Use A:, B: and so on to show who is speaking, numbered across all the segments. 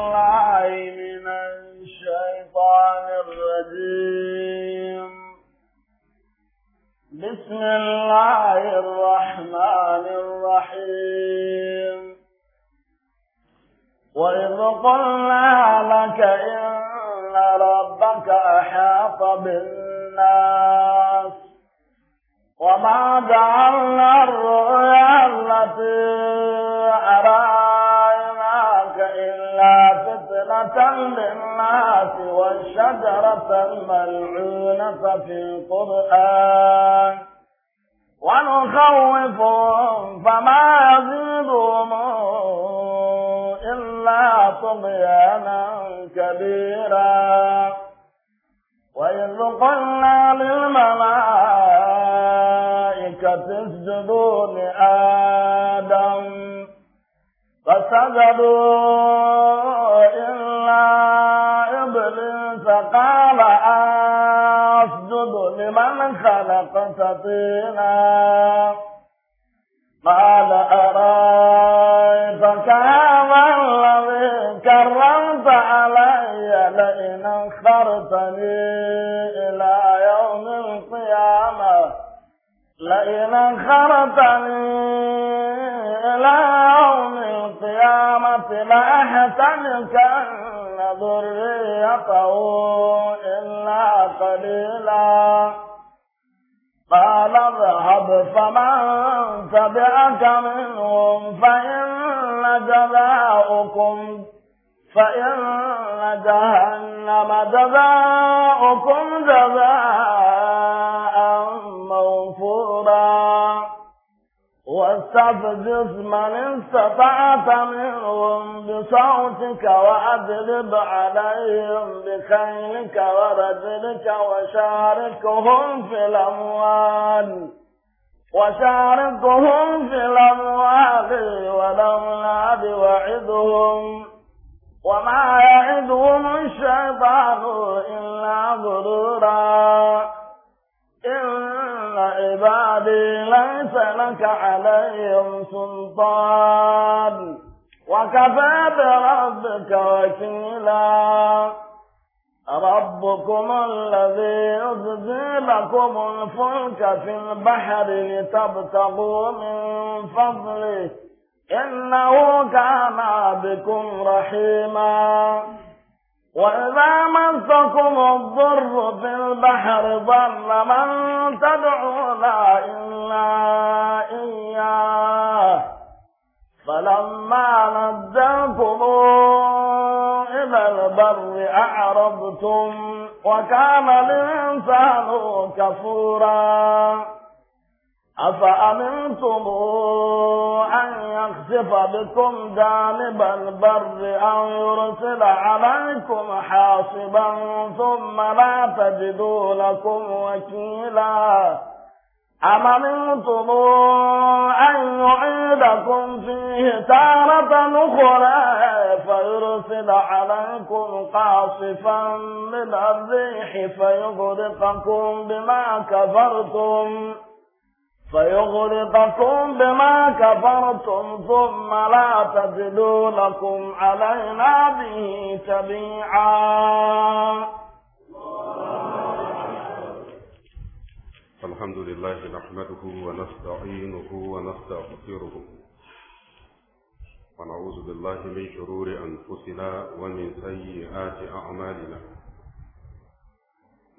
A: من الشيطان الرجيم بسم الله الرحمن الرحيم وإذ قلنا لك إن ربك أحاط بالناس وما جعلنا الرؤيا التي أراها جعلنا فتنة للناس والشجرة الملعونة في القرآن ونخوفهم فما يزيدهم إلا طغيانا كبيرا وإذ قلنا للملائكة اسجدوا لآدم فسجدوا إلا إبليس قال أسجد لمن خلقت طينا قال أرأيتك هذا الذي كرمت علي لئن أخرتني إلى يوم القيامة لئن أخرتني إلى يوم القيامة لا أن ذريته إلا قليلا قال اذهب فمن تبعك منهم فإن جزاؤكم فإن جهنم جزاؤكم جزاء واستفزز من استطعت منهم بصوتك وأضرب عليهم بخيلك ورجلك وشاركهم في الأموال وشاركهم في الأموال والأولاد وعدهم وما يعدهم الشيطان إلا غرورا إن عبادي ليس لك عليهم سلطان وكفى بربك وكيلا ربكم الذي يجزي لكم الفلك في البحر لتبتغوا من فضله إنه كان بكم رحيما وإذا مسكم الضر في البحر ضل من تَدْعُونَ إلا إياه فلما نجاكم إلى البر أعرضتم وكان الإنسان كفورا أفأمنتم أن يخسف بكم جانب البر أو يرسل عليكم حاصبا ثم لا تجدوا لكم وكيلا أم أمنتم أن يعيدكم فيه تارة أخرى فيرسل عليكم قاصفا من الريح فيغرقكم بما كفرتم ۖ فيغرقكم بما كفرتم ثم لا تجدوا لكم علينا به تبيعا
B: الحمد لله نحمده ونستعينه ونستغفره ونعوذ بالله من شرور أنفسنا ومن سيئات أعمالنا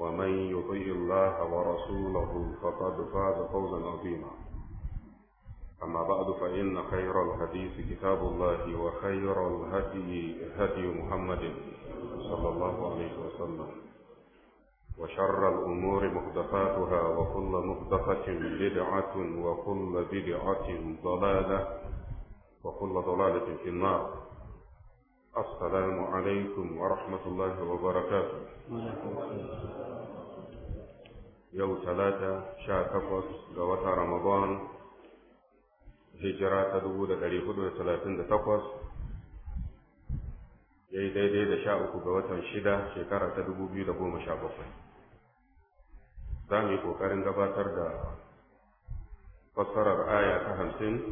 B: ومن يطيع الله ورسوله فقد فاز فوزا عظيما أما بعد فإن خير الحديث كتاب الله وخير الهدي هدي محمد صلى الله عليه وسلم وشر الأمور محدثاتها وكل محدثة بدعة وكل بدعة ضلالة وكل ضلالة في النار السلام عليكم ورحمة الله وبركاته yau talata sha takwas ga wata ramadan hijira ta dubu da ɗari hudu da talatin da takwas ya yi daidai da sha uku ga watan shida shekara ta dubu biyu da goma sha bakwai za mu yi ƙoƙarin gabatar da fassarar aya ta hamsin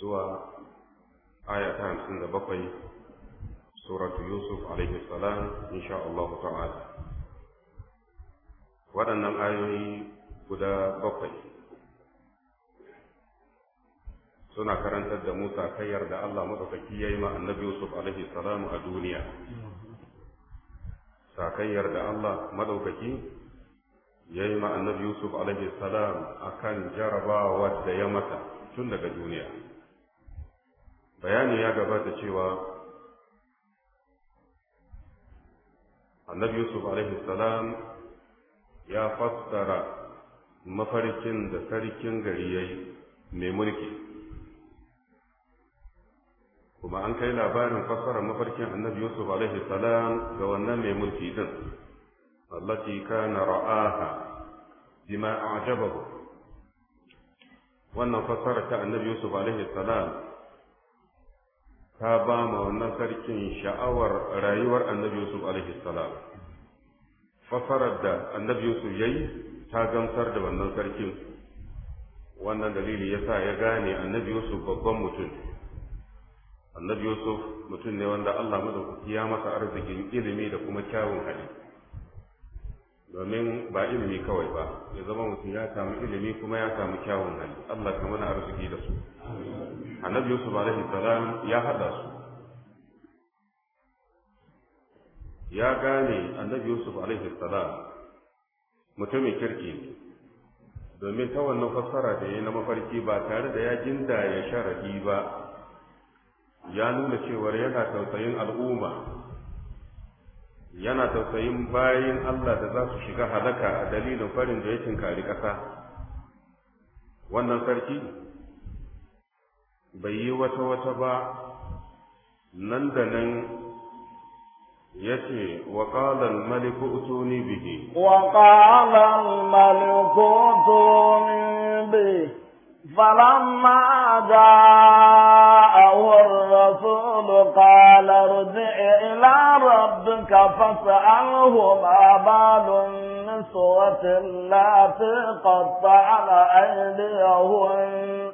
B: zuwa aya ta hamsin da bakwai suratu yusuf alaihi salam insha Allah ta'ala waɗannan ayoyi guda bakwai suna karantar da Musa kayyar da Allah maɗaukaki ya yi ma annabi Yusuf alaihi salamu a duniya. Sakayyar da Allah maɗaukaki ya yi ma annabi Yusuf alaihi salam a kan jarabawa da ya mata tun daga duniya. Bayani ya gabata cewa annabi Yusuf alaihi salam ya fassara mafarkin da sarkin gari ya yi mai mulki kuma an kai labarin fassara mafarkin annabi yusuf alaihi salam ga wannan mai mulki din allati kana ra'aha bima a'jabahu wannan fassara ta annabi yusuf alaihi salam ta ba ma wannan sarkin sha'awar rayuwar annabi yusuf alaihi salam fasarar da annabi Yusuf ya yi ta gamsar da wannan sarkin wannan dalili ya sa ya gane annabi Yusuf babban mutum annabi Yusuf mutum ne wanda Allah madaukaki ya masa arzikin ilimi da kuma kyawun hali domin ba ilimi kawai ba ya zama mutum ya samu ilimi kuma ya samu kyawun hali Allah ka mana arziki da su annabi Yusuf alaihi salam ya hada su ya gane annabi yusuf alaihi salam mutumin kirki ne domin ta wannan fassara da ya na mafarki ba tare da ya jinda ya sharadi ba ya nuna cewar yana tausayin al'umma yana tausayin bayin Allah da za su shiga halaka a dalilin farin da ya cinkari ƙasa wannan sarki bai yi wata wata ba nan da nan يتي وقال الملك اتوني به
A: وقال الملك اتوني به فلما جاءه الرسول قال ارجع إلى ربك فاسأله ما بال النسوة التي على أيديهن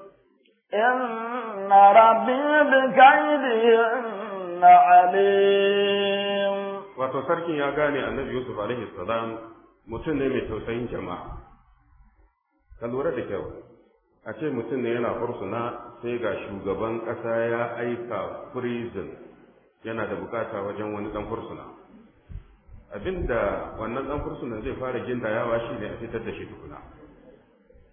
A: إن ربي بكيدهن
B: عليم wato sarkin ya gane annabi yusuf alaihi salam mutum ne mai tausayin jama'a ka lura da kyau a ce mutum ne yana fursuna sai ga shugaban ƙasa ya aika prison yana da bukata wajen wani dan fursuna abinda wannan ɗan fursuna zai fara gindayawa shi ne a fitar da shi tukuna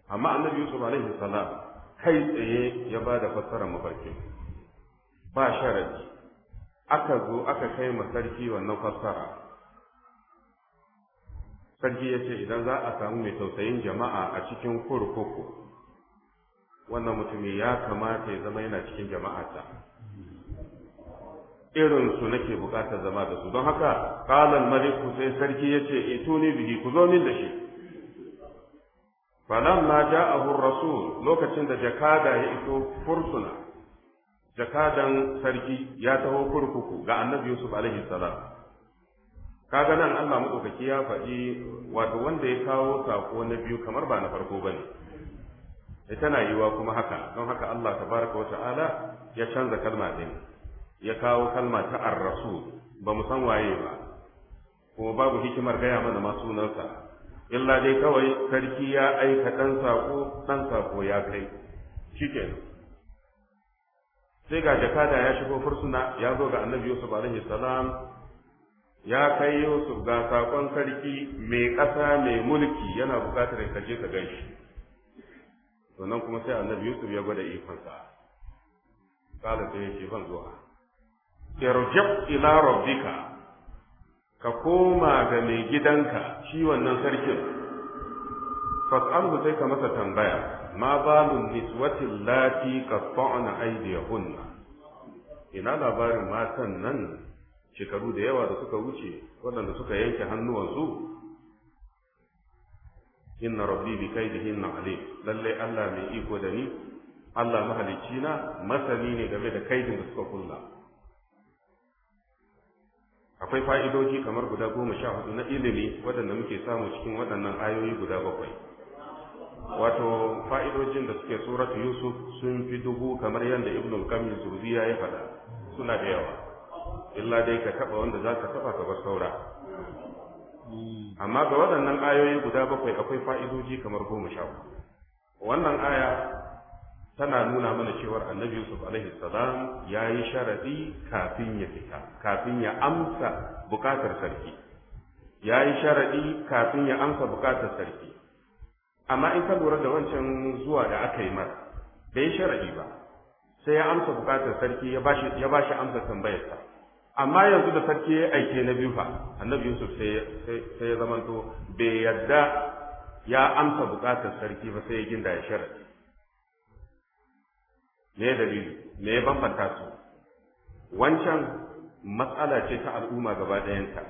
B: amma annabi yusuf alaihi salam kai tsaye ya ba da fassarar mafarki ba sharadi aka zo aka kai ma sarki wannan fassara sarki ya ce idan za a samu mai tausayin jama'a a cikin kurkuku wannan mutumi ya kamata ya zama yana cikin jama'ata irin su nake bukatar zama da su don haka qalan maliku sai sarki ya ce yace ne bihi ku zo min da shi falamma ja'ahu rasul lokacin da jakada ya iso fursuna jakadan sarki ya taho kurkuku ga annabi yusuf alaihi salam kaga nan Allah madaukaki ya faɗi wato wanda ya kawo sako na biyu kamar ba na farko bane Ita eh, tana yiwa kuma haka don haka Allah tabaraka wa ta'ala ya canza kalma din ya kawo kalma ta ar-rasul ba mu san waye ba kuma babu hikimar gaya mana ma sunansa illa dai kawai sarki ya aika dan sako dan sako ya kai shikenan sai ga jakada ya shigo fursuna ya zo ga annabi yusuf alaihi salam ya kai yusuf ga sakon sarki mai ƙasa mai mulki yana buƙatar ka je ka ganshi sannan kuma sai annabi yusuf ya gwada ikonsa kala sai ce ban zuwa irjib ila rabbika ka koma ga mai gidanka shi wannan sarkin fas'alhu sai ka masa tambaya ma balun niswatin lati qatta'na aydiyahunna ina labarin matan nan shekaru da yawa da suka wuce waɗanda suka yanke hannuwansu inna rabbi bi na Ali, lalle Allah mai iko da ni Allah mahalicci na masani ne game da kaidin da suka kulla akwai fa'idoji kamar guda goma sha hudu na ilimi waɗanda muke samu cikin waɗannan ayoyi guda bakwai wato fa'idojin da suke suratu yusuf sun fi dubu kamar yadda ibn kamil zuziya ya yi faɗa suna da yawa illa dai ka taɓa wanda za ka taɓa ka bar saura amma ga waɗannan ayoyi guda bakwai akwai fa'idoji kamar goma sha wannan aya tana nuna mana cewar annabi yusuf alaihi salam ya yi sharadi kafin ya fita kafin ya amsa bukatar sarki ya yi sharadi kafin ya amsa bukatar sarki amma in ka lura da wancan zuwa da aka yi masa bai sharadi ba sai ya amsa bukatar sarki ya bashi ya bashi amsa tambayarsa amma yanzu da sarki ya aike na biyu fa annabi Yusuf sai ya zamanto bai yarda ya amsa bukatar sarki ba sai ya ginda ya sharadi me dalili me ya bambanta su wancan matsala ce ta al'umma gaba ɗayanta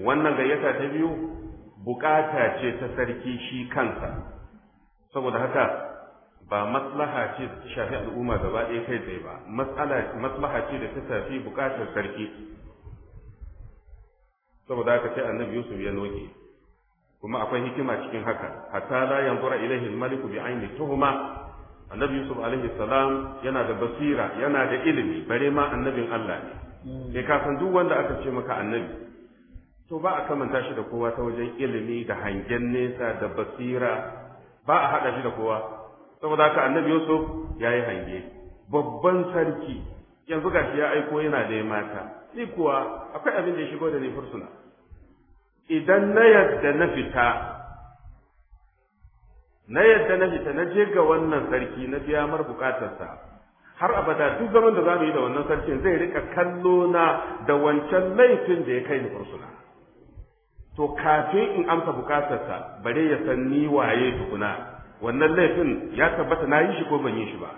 B: wannan gayyata ta biyu bukata ce ta sarki shi kansa saboda haka ba maslaha ce ta shafi al'umma gaba ɗaya kai tsaye ba maslaha ce da ta shafi bukatar sarki saboda haka sai annabi yusuf ya noke kuma akwai hikima cikin haka hatta la yanzura ilaihi al-maliku bi aini tuhuma annabi yusuf alaihi salam yana da basira yana da ilimi bare ma annabin Allah ne sai ka san duk wanda aka ce maka annabi to ba a kamanta shi da kowa ta wajen ilimi da hangen nesa da basira ba a haɗa shi da kowa saboda haka annabi yusuf ya yi hange babban sarki yanzu ga shi ya aiko yana da mata ni kuwa akwai abin da ya shigo da ni fursuna idan na yadda na fita na yadda na fita na je ga wannan sarki na biya mar bukatarsa har abada duk zaman da za mu yi da wannan sarkin zai rika kallo na da wancan laifin da ya kai ni fursuna to kafin in amsa bukatarsa bare ya san ni waye tukuna wannan laifin ya tabbata na yi shi ko ban yi shi ba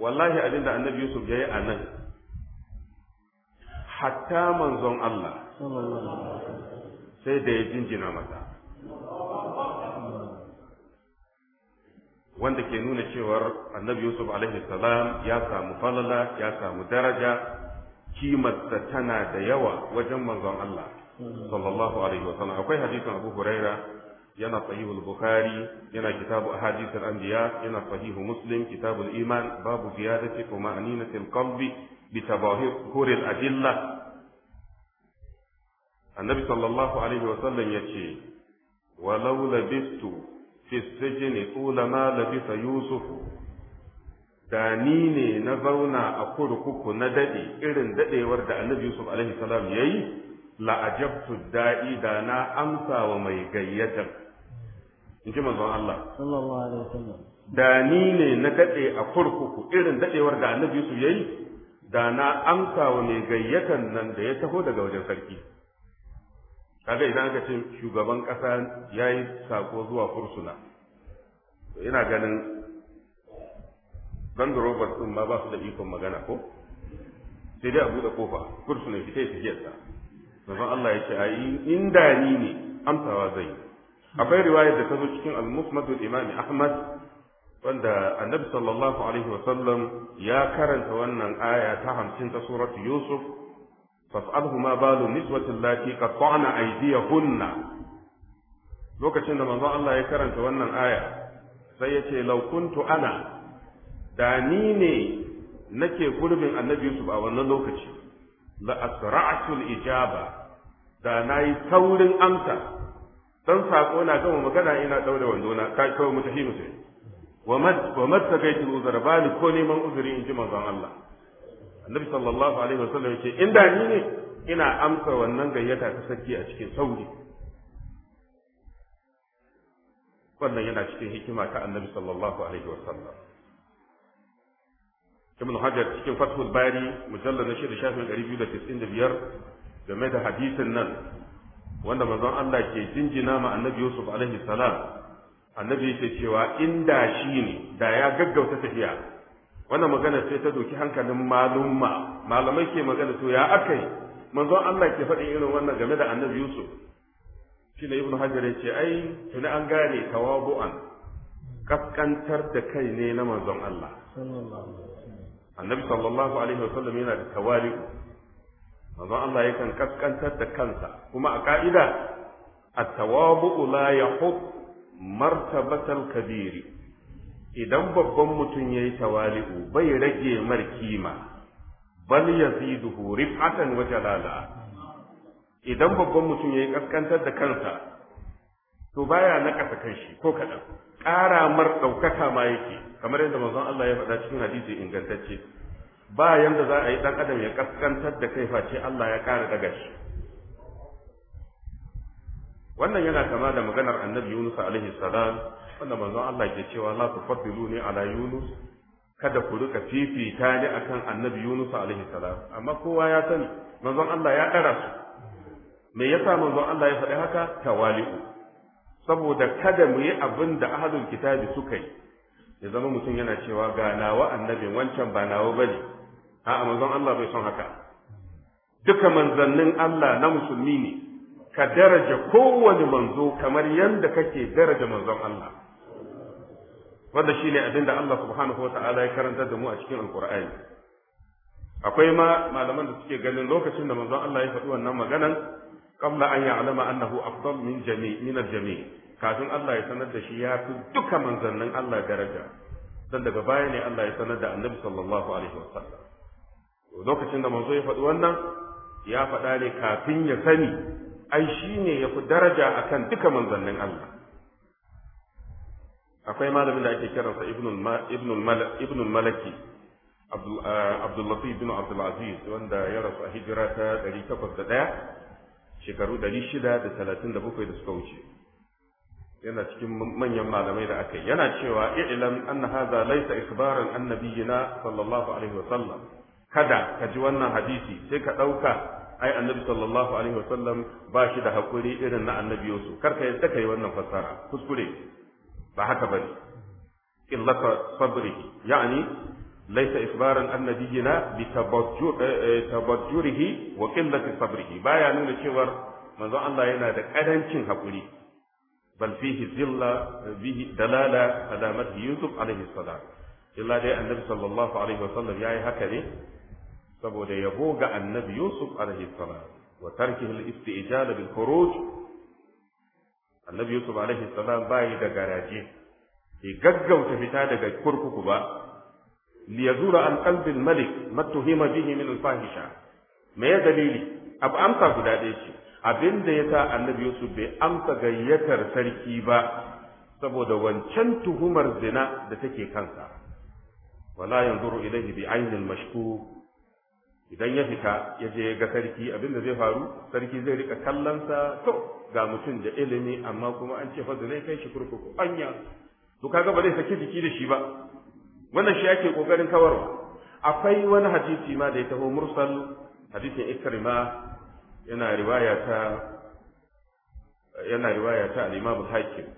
B: wallahi abin da annabi yusuf ya yi a nan hatta manzon Allah sai da ya jinjina masa wanda ke nuna cewar annabi yusuf alaihi salam ya samu falala ya samu daraja kimarsa tana da yawa wajen manzon Allah sallallahu alaihi wa sallam akwai hadisin Abu Huraira yana sahihul Bukhari yana kitabu ahadithul anbiya yana sahihu Muslim kitabul iman babu ziyadati tuma'aninatil qalbi bi tabahuril adillah annabi sallallahu alaihi wa sallam yace walau labistu fi sijni tula ma labisa yusufu da ni ne na zauna a kurkuku na dade irin daɗewar da annabi yusuf alaihi salam yi. la'ajabtu da'i da na amsa wa mai gayyatar in ji manzon Allah
C: sallallahu alaihi wasallam
B: da ni ne na kade a kurkuku irin dadewar da annabi su yayi da na amsa wa mai gayyatar nan da ya taho daga wajen sarki kaga idan aka ce shugaban kasa yayi sako zuwa fursuna ina ganin da Roberts din ma ba su da ikon magana ko sai dai a buɗe kofa fursuna fitai fitai manzon Allah ya ce ayi in da ni ne amsawa zai akwai riwaya da ta zo cikin al-musnad imam Ahmad wanda annabi sallallahu alaihi wa sallam ya karanta wannan aya ta hamsin ta surat Yusuf fas'alhuma balu niswati allati qatta'na aydiyahunna lokacin da manzon Allah ya karanta wannan aya sai ya ce law kuntu ana da ni ne nake gurbin annabi Yusuf a wannan lokaci la al-ijaba da na yi saurin amsa dan sako na gama magana ina daure wando na kai kawai mu tafi musu wa mad wa mad tagaiti uzur ba ni ko neman uzuri in ji manzon Allah annabi sallallahu alaihi wasallam yake inda ni ne ina amsa wannan gayyata ta sarki a cikin sauri wannan yana cikin hikima ta annabi sallallahu alaihi wasallam ibn hajar cikin fathul bari mujallal na shida shafin ɗari biyu da tisin da biyar game da hadisin nan wanda manzon Allah ke jinjina ma annabi Yusuf alaihi salam annabi yake cewa inda shi ne da ya gaggauta tafiya wannan magana sai ta doki hankalin malumma malamai ke magana to ya akai manzon Allah ke faɗin irin wannan game da annabi Yusuf shine ibnu hajar ya ce ai tuni an gane tawabu'an kaskantar da kai ne na manzon Allah annabi sallallahu alaihi wasallam yana da tawali'u manzon Allah yakan kaskantar da kansa kuma a ka'ida at-tawabu la yahub martabatal kabiri idan babban mutum yayi tawali'u bai rage mar kima bal yaziduhu rif'atan wa jalala idan babban mutum yayi kaskantar da kansa to baya nakasa kanshi ko kadan ƙara mar ɗaukaka ma yake kamar yadda manzon Allah ya faɗa cikin hadisi ingantacce ba yanda za a yi dan adam ya kaskantar da kai face Allah ya ƙara daga shi wannan yana kama da maganar annabi Yunus alaihi salam wanda manzon Allah ke cewa la ni ala Yunus kada ku rika fifita ni akan annabi Yunus alaihi salam amma kowa ya sani manzon Allah ya dara su me yasa manzon Allah ya faɗi haka tawali'u saboda kada mu yi abin da ahadul kitabi suka yi ya zama mutum yana cewa ga nawa Annabi, wancan ba nawa bane a'a manzon Allah bai son haka duka manzannin Allah na musulmi ne ka daraja kowane manzo kamar yadda kake daraja manzon Allah wanda shi abin da Allah subhanahu wa ta'ala ya karanta da mu a cikin alkur'ani akwai ma malaman da suke ganin lokacin da manzon Allah ya faɗi wannan maganan qabla an ya'lama annahu afdal min jami' min al-jami' kafin Allah ya sanar da shi ya fi duka manzannin Allah daraja dan daga baya ne Allah ya sanar da Annabi sallallahu alaihi wasallam lokacin da manzo ya faɗi wannan ya faɗa ne kafin ya sani ai shi ne ya fi daraja akan duka manzannin Allah akwai malamin da ake kiransa ibnul malaki abdullafi bin abdulaziz wanda ya rasu a hijira ta ɗaya shekaru shida da suka wuce yana cikin manyan malamai da aka yi. yana cewa i'lam anna hadha laisa ikbaran annabiyina sallallahu alaihi wa sallam kada ka ji wannan hadisi sai ka ɗauka ai annabi sallallahu alaihi wasallam ba shi da haƙuri irin na annabi yusuf kar ka yadda kai wannan fassara kuskure ba haka ba bane illata sabrihi ya'ani laisa isbaran annabiyina bi eh, eh, tabajjurihi wa qillati sabrihi baya nuna cewa manzon Allah yana da karancin hakuri بل فيه ذلة فيه دلالة على مدح يوسف عليه السلام إلا دي النبي صلى الله عليه وسلم haka هكذا saboda yabo ga annabi Yusuf alaihi salam wa tarkihi al-istijala bil khuruj annabi Yusuf alaihi salam bai da garaje bai gaggauta fita daga kurkuku ba li yazura an qalbi al-malik matuhima bihi min al-fahisha me ya dalili abu amsa guda ɗaya ce abinda yasa annabi Yusuf bai amsa gayyatar sarki ba saboda wancan tuhumar zina da take kansa wala yanzuru ilayhi bi ainil mashkuk idan ya fita ya je ga sarki abin da zai faru sarki zai rika kallonsa to ga mutum da ilimi amma kuma an ce fadda zai kai shi kurkuku anya to kaga ba zai saki jiki da shi ba wannan shi ake kokarin kawarwa akwai wani hadisi ma da ya taho mursal hadisin ikrima yana riwaya ta yana riwaya ta al-imam hakim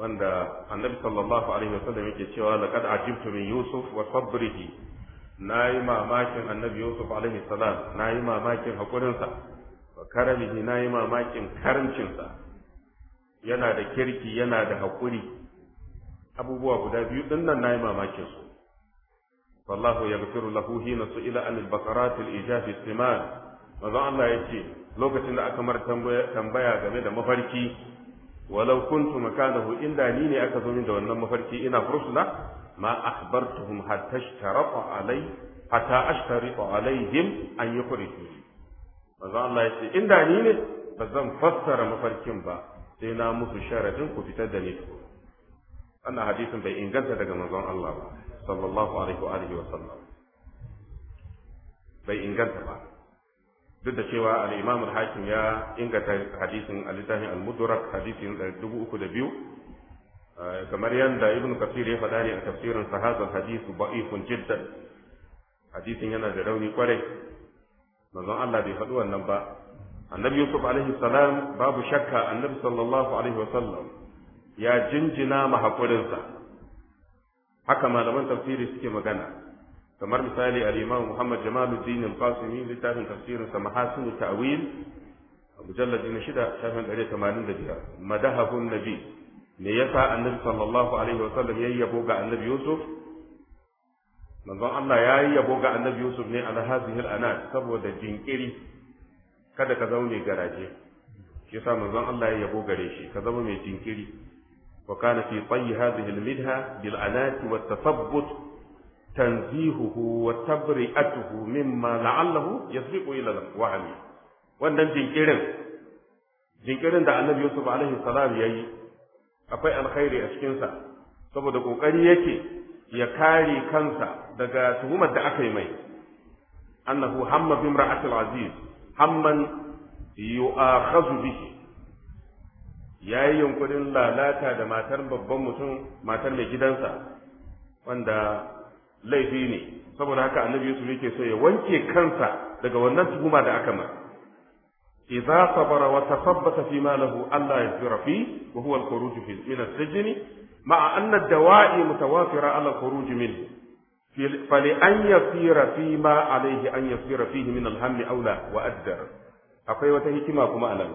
B: wanda annabi sallallahu alaihi wasallam yake cewa laqad ajibtu min yusuf wa sabrihi na yi mamakin annabi yusuf alaihi salam na yi mamakin haƙurinsa wa karamihi na yi mamakin karancinsa yana da kirki yana da haƙuri abubuwa guda biyu din nan na yi mamakin su wallahu yaghfiru lahu hina ila anil baqarat al ijafi istiman manzo Allah yace lokacin da aka mar tambaya game da mafarki walau kuntu makanahu inda ni ne aka zo min da wannan mafarki ina fursuna ma akhbartuhum hatta ashtarata alai hatta ashtarita alaihim an yukhriju manzo Allah ya ce inda ni ne ba zan fassara mafarkin ba sai na musu sharadin ku fitar da ni wannan hadisin bai inganta daga manzon Allah ba sallallahu alaihi wa alihi wa sallam bai inganta ba duk da cewa al-Imam al-Hakim ya inganta hadisin al-Litani al-Mudrak hadisin 3002 Eh, kamar yadda ibn kafir ya faɗa ne a tafsirin sa hadisu ba'ifun jiddan hadisin yana da rauni kwarai manzon Allah bai faɗi wannan ba annabi yusuf alaihi salam babu shakka annabi sallallahu alaihi wasallam ya jinjina ma haka malaman tafsiri suke magana kamar misali al-imam Muhammad Jamaluddin al-Qasimi littafin tafsirin sa Mahasin ta'wil mujallad na shida shafin 185 madahabun nabi me yasa annabi sallallahu alaihi wa sallam ya yabo ga annabi yusuf manzon Allah ya yi yabo ga annabi yusuf ne ala hazihi al'anat saboda jinkiri kada ka zaune garaje shi yasa manzon Allah ya yabo gare shi ka zama mai jinkiri wa kana fi tayyi hadhihi al-midha bil anat wa tathabbut tanzihuhu wa tabri'atuhu mimma la'allahu yasbiqu ila al-wahmi wannan jinkirin jinkirin da annabi yusuf alaihi salam yayi akwai alkhairi a cikinsa saboda ƙoƙari yake ya kare kansa daga tuhumar da aka yi mai annahu hamma bi imra'atil aziz hamman yu'akhadhu bihi yayi yunkurin lalata da matar babban mutum matar mai gidansa wanda laifi ne saboda haka annabi Yusuf yake so ya wanke kansa daga wannan tuhuma da aka mai إذا sabara wata tasabbata fi ma lahu Allah yasbira fi wa huwa al-khuruj min as-sijn ma'a anna فلأن يصير فيما عليه أن يصير فيه من الهم أولى وأدر akwai wata hikima kuma كما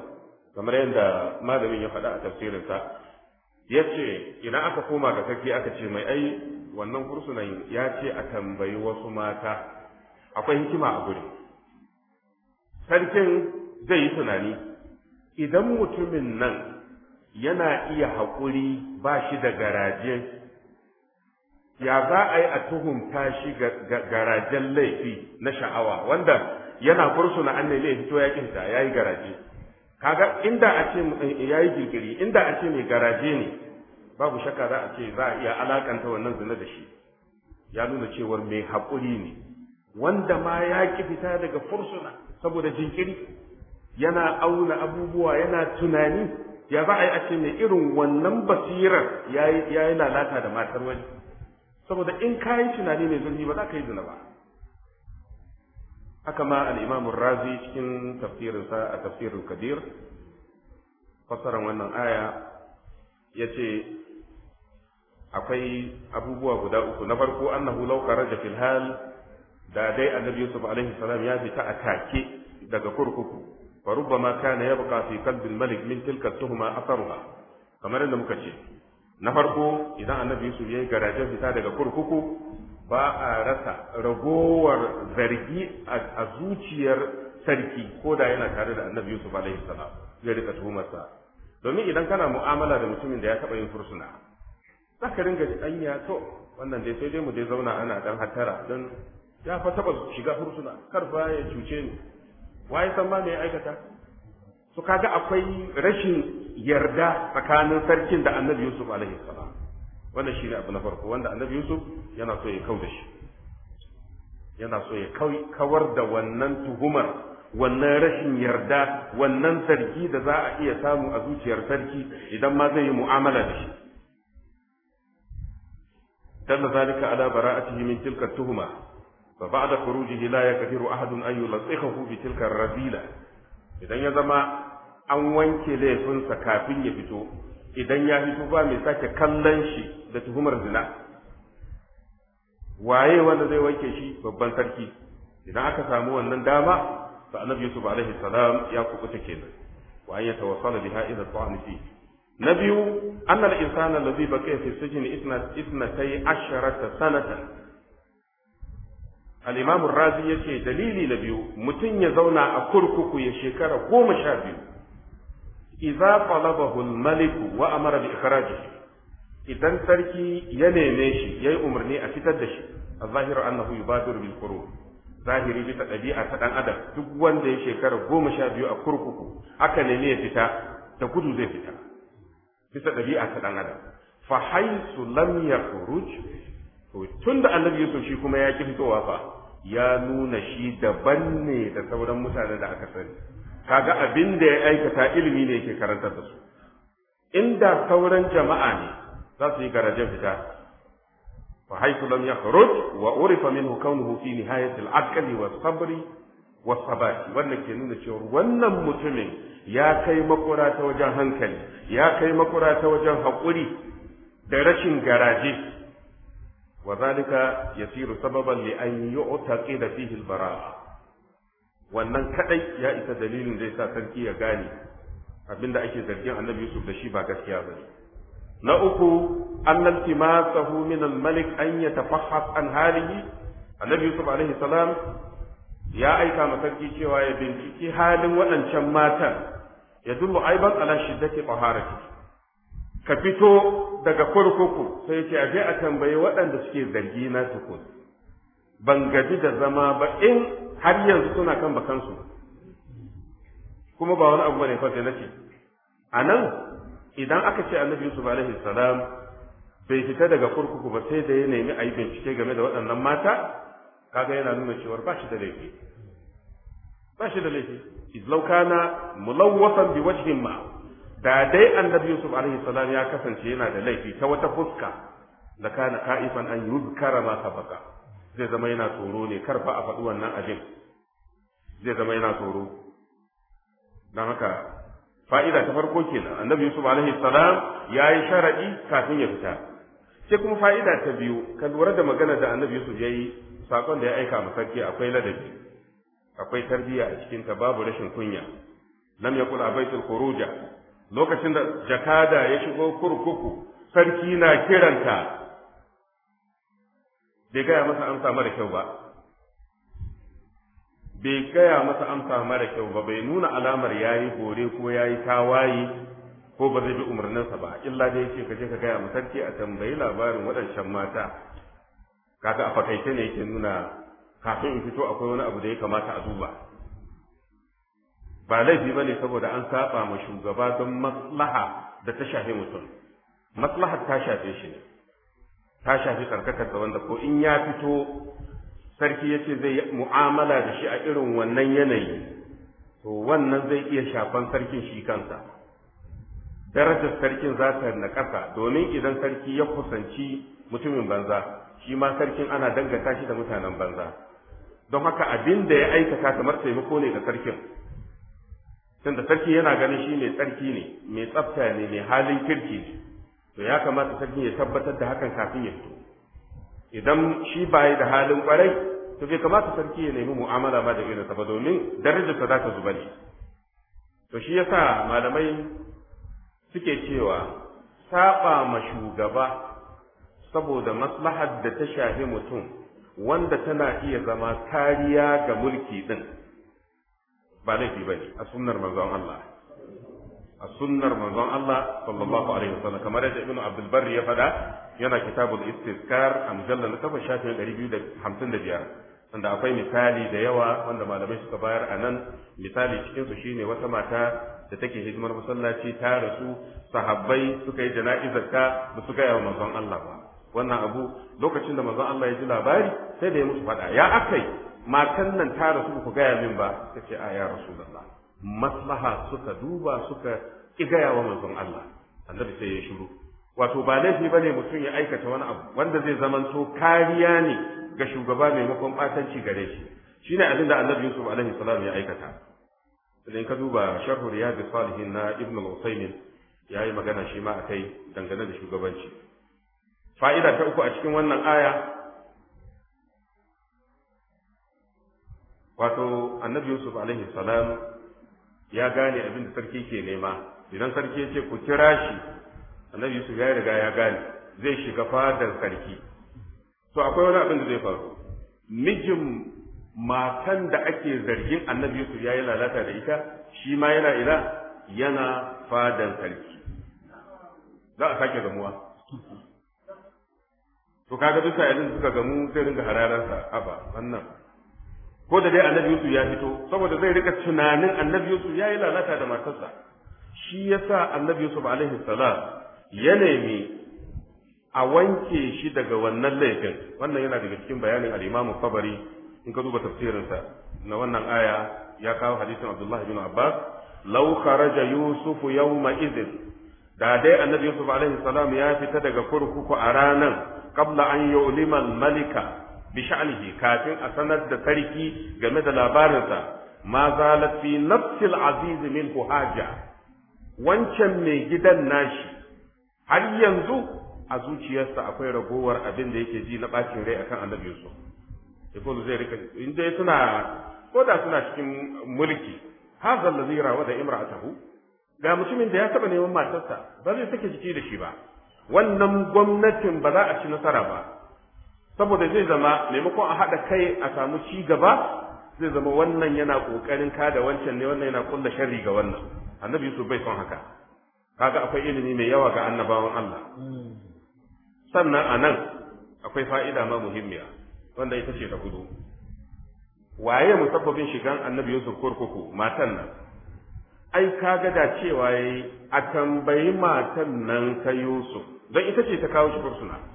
B: kamar yadda malamin ya faɗa a tafsirinsa ya ce idan aka koma ga kake aka ce mai ai wannan kursunan ya ce a tambayi wasu mata akwai hikima a guri sarkin zai yi tunani idan mutumin nan yana iya haƙuri ba shi da garaje ya za a yi a tuhumta shi garajen laifi na sha'awa wanda yana fursuna an ne fito ya kinta ya yi garaje kaga inda a ce eh, ya yi inda a ce mai garaje ne babu shakka za a ce za a iya alakanta wannan zina da shi ya nuna cewar mai haƙuri ne wanda ma ya ki fita daga fursuna saboda jinkiri yana auna abubuwa yana tunani ya za a yi ake mai irin wannan basirar ya yi lalata da matar wani saboda in ka yi tunani mai zurfi ba za ka yi zina ba haka ma al'imamu razi cikin tafsirinsa a tafsirin Kadir, fassarar wannan aya ya ce akwai abubuwa guda uku na farko annahu law kharaja fil hal da dai annabi yusuf alaihi salam ya fita a take daga kurkuku فربما كان ya في قلب الملك من تلك التهمة أثرها kamar yadda muka ce na farko idan annabi yusuf ya yi garajen fita daga kurkuku ba a rasa ragowar zargi a zuciyar sarki ko da yana tare da annabi yusuf alaihi salam zai rika tuhumarsa domin idan kana mu'amala da mutumin da ya taɓa yin fursuna za ka ringa anya to wannan dai sai dai mu dai zauna ana dan hattara don ya fa taɓa shiga fursuna kar ba ya cuce ni waye san ma me aikata su kaga akwai rashin yarda tsakanin sarkin da annabi yusuf alaihi salam wannan shine abu na farko wanda annabi yusuf yana so ya kau da shi yana so ya kawar da wannan tuhumar wannan rashin yarda wannan sarki da za a iya samu a zuciyar sarki idan ma zai yi mu'amala da shi dalla zalika ala bara'atihi min tilka tuhuma فبعد خروجه لا يكثر أحد أن يلطخه بتلك الرذيلة إذا يزما an wanke laifinsa kafin ya fito idan ya fito ba كلنشي sake kallon shi da tuhumar zina waye wanda zai wanke shi babban sarki idan aka samu wannan dama fa annabi yusuf alaihi salam ya kubuta kenan wa an yatawassala biha ila ta'ani fi nabiyu anna al-insana alladhi baqiya fi sijni isna isnatay asharata sanatan al-imam razi yace dalili na biyu mutum ya zauna a kurkuku ya shekara goma sha biyu idza talabahu al wa amara bi ikhraji idan sarki ya neme shi yayi umarni a fitar da shi a zahiru annahu yubadiru bil qurun zahiri bisa ɗabi'a ta ɗan adam duk wanda ya shekara goma sha biyu a kurkuku aka nemi ya fita da gudu zai fita bisa ɗabi'a ta ɗan adam fa haisu lam yakhruj to tun da annabi yusuf shi kuma ya ki fitowa fa ya nuna shi daban ne da sauran mutanen da aka sani kaga abin da ya aikata ilimi ne yake karantar da su inda sauran jama'a ne za su yi garajen fita fa haythu lam yakhruj wa urifa minhu kaunuhu fi nihayati al wa sabri wa sabati wannan ke nuna cewa wannan mutumin ya kai makura ta wajen hankali ya kai makura ta wajen haƙuri da rashin garaje wa zalika yasiru sababan li an yu'taqida fihi wannan kadai ya isa dalilin zai sa sarki ya gane abinda ake zargin annabi yusuf da shi ba gaskiya ba ne na uku annal timasahu min al-malik an yatafahhas an halihi annabi yusuf alaihi salam ya aika ma sarki cewa ya binciki halin waɗancan matan ya dullu aiban ala shiddati taharati ka fito daga kurkuku sai ce je a tambayi waɗanda suke zargi na tukun ban gaji da zama ba in har yanzu suna kan bakansu kuma ba wani abu bane fa sai nace a nan idan aka ce annabi yusuf alaihi salam bai fita daga kurkuku ba sai da ya nemi a yi bincike game da waɗannan mata kaga yana nuna cewar ba shi da laifi ba shi da laifi izlaukana mulawwasan bi wajhin ma'a da dai annabi yusuf alaihi salam ya kasance yana da laifi ta wata fuska da kana ka'ifan an yuzkara ma sabaka zai zama yana tsoro ne kar fa a faɗi wannan abin zai zama yana tsoro don haka fa'ida ta farko kenan annabi yusuf alaihi salam ya yi sharadi kafin ya fita sai kuma fa'ida ta biyu ka lura da magana da annabi yusuf ya yi sakon da ya aika ma sarki akwai ladabi akwai tarbiyya a cikinta babu rashin kunya lam yaqul abaitul khuruja lokacin da jakada ya shigo kurkuku sarki na kiranta bai gaya masa amsa mara kyau ba bai gaya masa amsa mara kyau ba bai nuna alamar yayi gore ko yayi tawaye ko ba zai bi umarninsa ba illa dai yace ka je ka gaya masa sarki a tambayi labarin waɗancan mata kaga a fakaice ne yake nuna kafin in fito akwai wani abu da ya kamata a duba ba laifi ba ne saboda an saba ma shugaba don maslaha da ta shafi mutum maslahar ta shafe shi ne ta shafi tsarkakarsa wanda ko in ya fito sarki ya ce zai mu'amala da shi a irin wannan yanayi to wannan zai iya shafan sarkin shi kansa
D: darajar sarkin za ta naƙasa domin idan sarki ya kusanci
B: mutumin banza shi ma sarkin ana danganta shi da mutanen banza don haka abin da ya aikata kamar taimako ne ga sarkin tunda sarki yana ganin shi mai tsarki ne mai tsafta ne mai halin kirki ne to ya kamata sarki ya tabbatar da hakan kafin ya fito idan shi bai da halin kwarai to bai kamata sarki ya nemi mu'amala ba da irin ba domin darajarsa za ta zuba ne to shi yasa malamai suke cewa saba ma shugaba saboda maslahar da ta shafi mutum wanda tana iya zama kariya ga mulki din ba laifi ne a sunnar manzon Allah a sunnar manzon Allah sallallahu alaihi wasallam kamar yadda ibnu abdul barr ya fada yana kitabul istizkar a mujallal na kafa shafin biyar wanda akwai misali da yawa wanda malamai suka bayar a nan misali cikin su shine wata mata da take hidimar masallaci ta rasu sahabbai suka yi jana'izar ta ba su gaya wa manzon Allah ba wannan abu lokacin da manzon Allah ya ji labari sai da ya musu fada ya akai matan nan ta rasu ku gaya min ba ta ce a ya rasulullah maslaha suka duba suka ki gaya wa manzon Allah annabi sai ya shiru wato ba laifi bane mutum ya aikata wani abu wanda zai zamanto kariya ne ga shugaba maimakon batanci gare shi shine abin da annabi Yusuf alaihi salam ya aikata idan ka duba sharhu riyad salihin na ibn al-usaymin yayi magana shi ma akai dangane da shugabanci fa'ida ta uku a cikin wannan aya wato annabi yusuf alaihi salam ya gane abin da sarki ke nema idan sarki ya ce ku kira shi annabi yusuf ya riga ya gane zai shiga fadar sarki to akwai wani abin da zai faru mijin matan da ake zargin annabi yusuf ya yi lalata da ita shi ma yana ila yana fadan sarki za a sake gamuwa to kaga duka yanzu suka gamu sai ringa harararsa aba wannan ko da dai annabi Yusuf ya fito saboda zai rika tunanin annabi Yusuf ya yi lalata da matarsa shi yasa annabi Yusuf alaihi salam ya nemi a wanke shi daga wannan laifin wannan yana daga cikin bayanin al-Imam Tabari in ka duba tafsirinsa na wannan aya ya kawo hadisin Abdullah bin Abbas law kharaja Yusuf yawma idhin da dai annabi Yusuf alaihi salam ya fita daga kurkuku a ranan qabla an yu'lima malika bi sha'nihi kafin a sanar da sarki game da labarinsa ma zalat fi nafsil aziz min haja wancan mai gidan nashi har yanzu a zuciyarsa akwai ragowar abin da yake ji na bakin rai akan annabi su. yakulu zai rika in dai suna ko da suna cikin mulki hadha allazi rawa da imra'atahu ga mutumin da ya taba neman matarsa ba zai sake jiki da shi ba wannan gwamnatin ba za a ci nasara ba saboda zai zama maimakon a haɗa kai a samu ci gaba zai zama wannan yana ƙoƙarin ka da wancan ne wannan yana ƙulla sharri ga wannan annabi yusuf bai son haka kaga akwai ilimi mai yawa ga annabawan Allah sannan a nan akwai fa'ida ma muhimmiya wanda ita ce ta gudu. waye musabbabin shigan annabi yusuf kurkuku matan nan ai kaga da cewa yayi a tambayi matan nan ta yusuf don ita ce ta kawo shi fursuna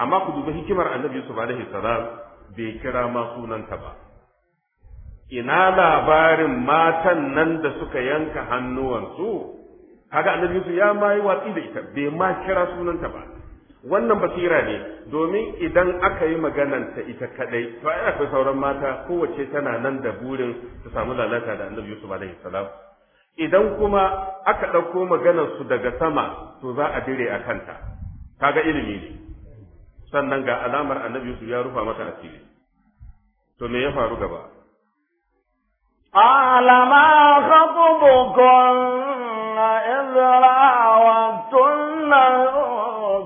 B: amma ku duba hikimar annabi Yusuf alaihi salam bai kira ma sunanta ba ina labarin matan nan da suka yanka hannuwansu kaga annabi Yusuf ya ma watsi da ita bai ma kira sunanta ba wannan basira ne domin idan aka yi maganar ta ita kadai to ai akwai sauran mata kowace tana nan da burin ta samu lalata da annabi Yusuf alaihi salam idan kuma aka ɗauko maganar su daga sama to za a dire a kanta kaga ilimi ne sannan ga alamar annabi Yusuf ya rufa mata asiri to me ya faru gaba
D: alama khatubukum
A: izra wa tunna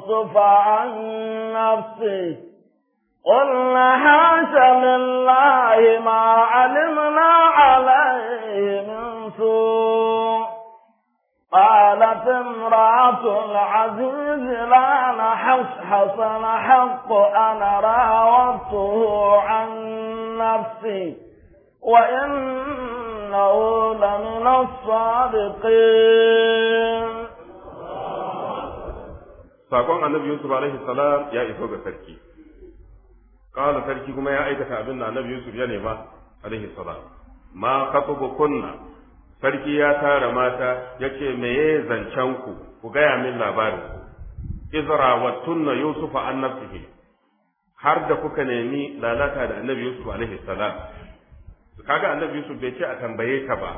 A: sufa an nafsi قلنا حاش لله ما علمنا عليه من سوء قالت امرأة العزيز لا نحص حصل حق أن راوته عن نفسي وإنه لمن الصادقين
B: ساقوان النبي يوسف عليه السلام يا إفوق فركي قال فركي كما يا أيكة أبنى النبي يوسف يا نبا عليه السلام ما خطبكن sarki ya tara mata ya ce meye zancen ku ku gaya min labarin ku izra wa tunna yusuf an nafsihi har da kuka nemi lalata da annabi yusuf alaihi salam kaga annabi yusuf bai ce a tambaye ka ba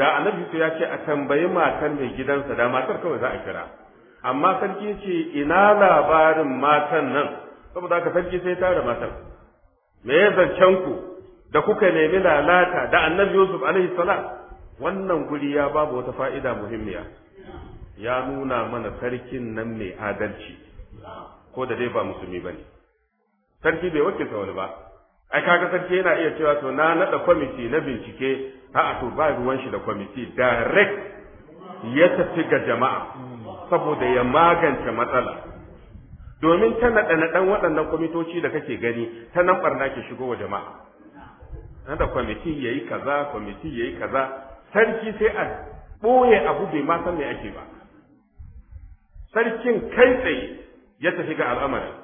B: da annabi yusuf ya ce a tambayi matar mai gidansa da matar kawai za a kira amma sarki ce ina labarin matan nan saboda haka sarki sai tara matan Meye zancen ku da kuka nemi lalata da annabi yusuf alaihi salam wannan guri ya babu wata fa'ida muhimmiya ya nuna mana sarkin nan mai adalci ko da dai ba musulmi ba ne sarki bai wakil wani ba ai kaga sarki yana iya cewa to na naɗa kwamiti na bincike a'a to ba ruwan shi da kwamiti direct ya tafi ga jama'a saboda ya magance matsala domin ta naɗa naɗan waɗannan kwamitoci da kake gani ta nan barna ke shigo wa jama'a nada kwamiti ya yi kaza kwamiti ya yi kaza sarki sai a ɓoye abu bai ma san me ake ba sarkin kai tsaye ya tafi ga al'amarin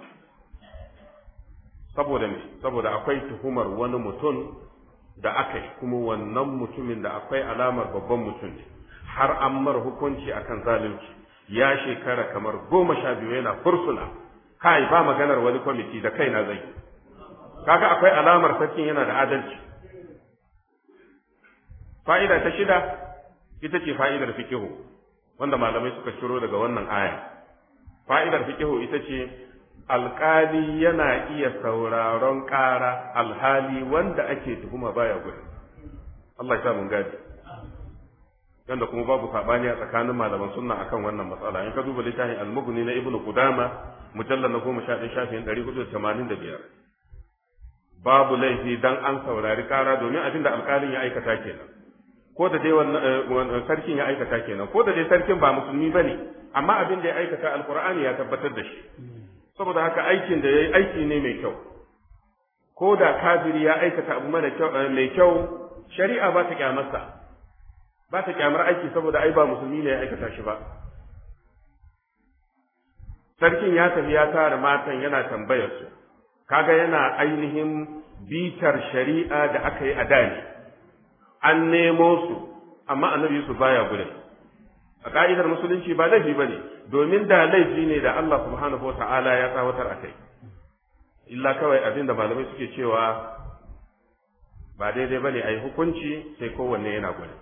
B: saboda me saboda akwai tuhumar wani mutum da aka yi kuma wannan mutumin da akwai alamar babban mutum har an mara hukunci akan zalunci ya shekara kamar goma sha biyu yana fursuna kai ba maganar wani kwamiti da kaina zai kaga akwai alamar sarkin yana da adalci fa'ida ta shida ita ce fa'idar fikihu wanda malamai suka shiro daga wannan aya fa'idar fikihu ita ce alƙali yana iya sauraron ƙara alhali wanda ake tuhuma baya gudu Allah ya mun gadi yanda kuma babu saɓani a tsakanin malaman sunna akan wannan matsala in ka duba littafin almuguni na ibnu qudama mujallal na goma sha ɗaya shafin ɗari hudu da tamanin da biyar babu laifi dan an saurari ƙara domin abin da alƙalin ya aikata kenan ko da dai eh, wannan sarkin ya aikata kenan ko da dai sarkin ba musulmi bane amma abin da ya aikata alqur'ani ya tabbatar da shi saboda haka aikin da yayi aiki ne mai kyau ko da kafiri ya aikata abu mara kyau eh, mai kyau shari'a ba ta kyamarsa ba ta kyamar aiki saboda ai ba musulmi ne ya aikata shi ba sarkin ya tafi ya tara matan yana tambayar su kaga yana ainihin bitar shari'a da aka yi a dani an nemo su amma annabi su baya gurin a ka'idar musulunci ba laifi bane domin da laifi ne da Allah subhanahu wa ta'ala ya tsawatar a kai illa kawai abin da malamai suke cewa ba daidai bane a yi hukunci sai kowanne yana gurin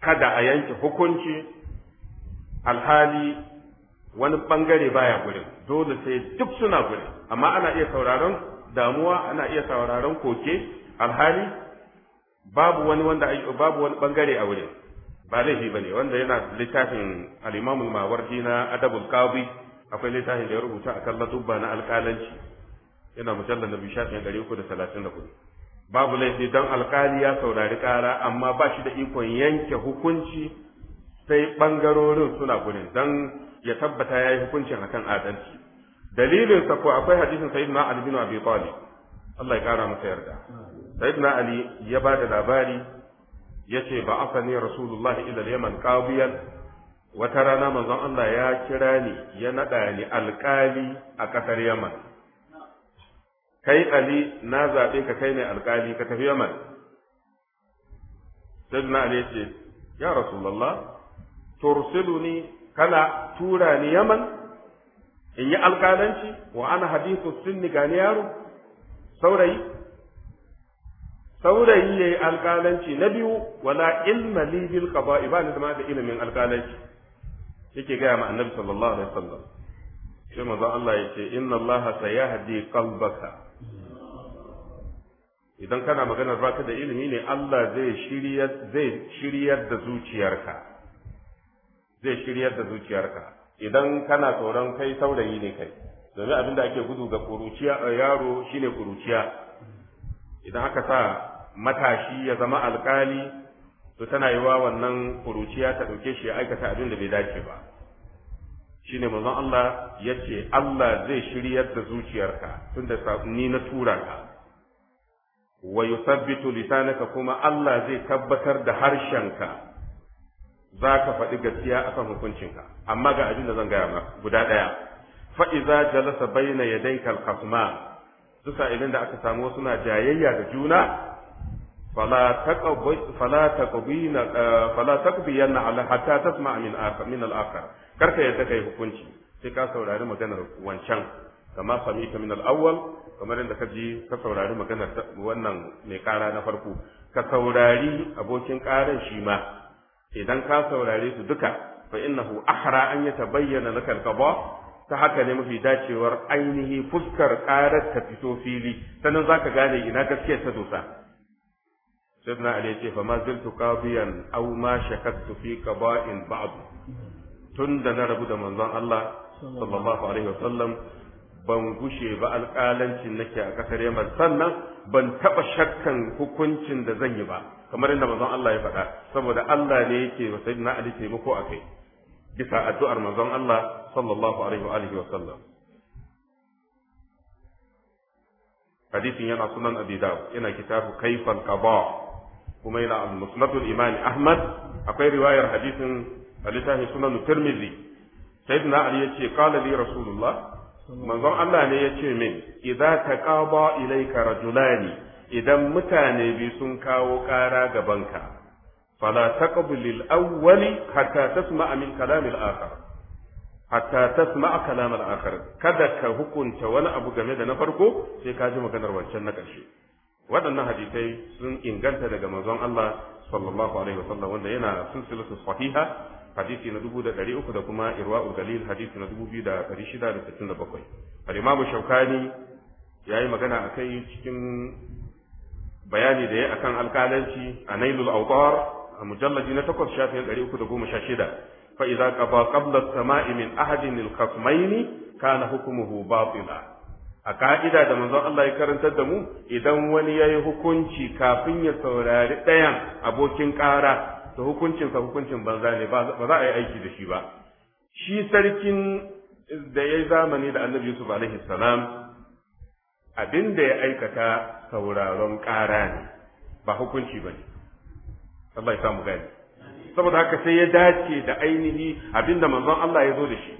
B: kada a yanke hukunci alhali wani bangare baya gurin dole sai duk suna gurin amma ana iya sauraron damuwa ana iya sauraron koke alhali babu wani wanda babu wani bangare a wurin ba laifi bane wanda yana littafin al-Imam al-Mawardi na Adabul Qadi akwai littafin da ya rubuta akan latubba na alƙalanci yana mujallal na bishafin 334 babu laifi dan alƙali ya saurari ƙara amma ba shi da ikon yanke hukunci sai bangarorin suna gurin dan ya tabbata ya yi hukuncin akan adalci dalilin sa ko akwai hadisin sayyidina Ali bin Abi Talib Allah ya kara masa yarda sayyidina ali ya ba da labari ya ce ba aka ne rasulullahi yaman qabiyan wata rana manzon Allah ya kira ni ya naɗa ni alƙali a ƙasar yaman kai ali na zaɓe ka kai ne alƙali ka tafi yaman sayyidina ali ya ce ya rasulullah tursiluni kana tura ni yaman in yi alƙalanci wa ana hadithu sunni gani yaro saurayi saurayi yayi alƙalanci na biyu wala ilma li bil qada'i ba ni zama da ilimin alƙalanci yake gaya ma annabi sallallahu alaihi wasallam sai za' Allah yake inna Allah sayahdi qalbaka idan kana maganar baka da ilimi ne Allah zai shiryar zai shiryar da zuciyarka zai shiryar da zuciyarka idan kana tsoron kai saurayi ne kai domin abin da ake gudu ga kuruciya yaro shine kuruciya idan aka sa matashi ya zama alkali to tana yiwa wannan kuruciya ta ɗauke shi ya aikata abin da bai dace ba shine manzon Allah ya ce Allah zai shiryar da zuciyarka tunda ni na tura ka wa yuthabbitu lisanaka kuma Allah zai tabbatar da harshenka za ka faɗi gaskiya akan hukuncinka amma ga abin da zan gaya ma guda ɗaya Fa'iza iza jalasa baina ya al-qasma duka idan da aka samu suna jayayya da juna fala taqbina fala taqbiyanna ala hatta tasma min akhar min al-akhar karka yadda kai hukunci sai ka saurari maganar wancan kama samita min al-awwal kamar yadda kaji ka saurari maganar wannan mai kara na farko ka saurari abokin karan shi ma idan ka saurare su duka fa innahu ahra an yatabayyana laka al-qada ta haka ne mafi dacewar ainihi fuskar karar ta fito fili sannan zaka gane ina gaskiyar ta dosa a ali yace fa ma ziltu auma aw ma shakattu fi qaba'in ba'd tun da na rabu da manzon Allah sallallahu alaihi wasallam ban bushe ba alƙalancin nake a ƙasar Yaman sannan ban taɓa shakkan hukuncin da zan yi ba kamar inda manzon Allah ya faɗa saboda Allah ne yake wa sayyidina Ali taimako a kai bisa addu'ar manzon Allah sallallahu alaihi wa sallam hadisin yana sunan Abi Dawud yana kitabu kaifal qada kuma yana al-musnadul imam ahmad akwai riwayar hadisin al-litahi sunan tirmidhi sayyidina ali yace qala li rasulullah manzon Allah ne yace min idza kaba ilayka rajulani idan mutane biyu sun kawo ƙara gabanka fala taqbul al-awwali hatta tasma'a min kalam al-akhar hatta tasma'a kalam al-akhar kada ka hukunta wani abu game da na farko sai ka ji maganar wancan na ƙarshe waɗannan hadisai sun inganta daga manzon Allah sallallahu alaihi wasallam wanda yana silsilatu sahiha hadisi na dubu da ɗari uku da kuma irwa'ul galil hadisi na dubu biyu da ɗari shida da sittin da bakwai al-imamu shaukani ya yi magana a kai cikin bayani da ya akan alƙalanci a nailul awqar a mujallaji na takwas shafin ɗari uku da goma sha shida fa idza qaba qabla as-sama'i min ahadin al-khasmaini kana hukmuhu batila a ka'ida da manzon Allah ya karantar da mu idan wani ya yi hukunci kafin ya saurari ɗayan abokin ƙara to sa hukuncin banza ne ba za a yi aiki da shi ba shi sarkin da ya yi zamani da annabi yusuf alaihi salam abin da ya aikata sauraron ƙara ne ba hukunci ba ne Allah ya samu gani saboda haka sai ya dace da ainihi abinda manzon Allah ya zo da shi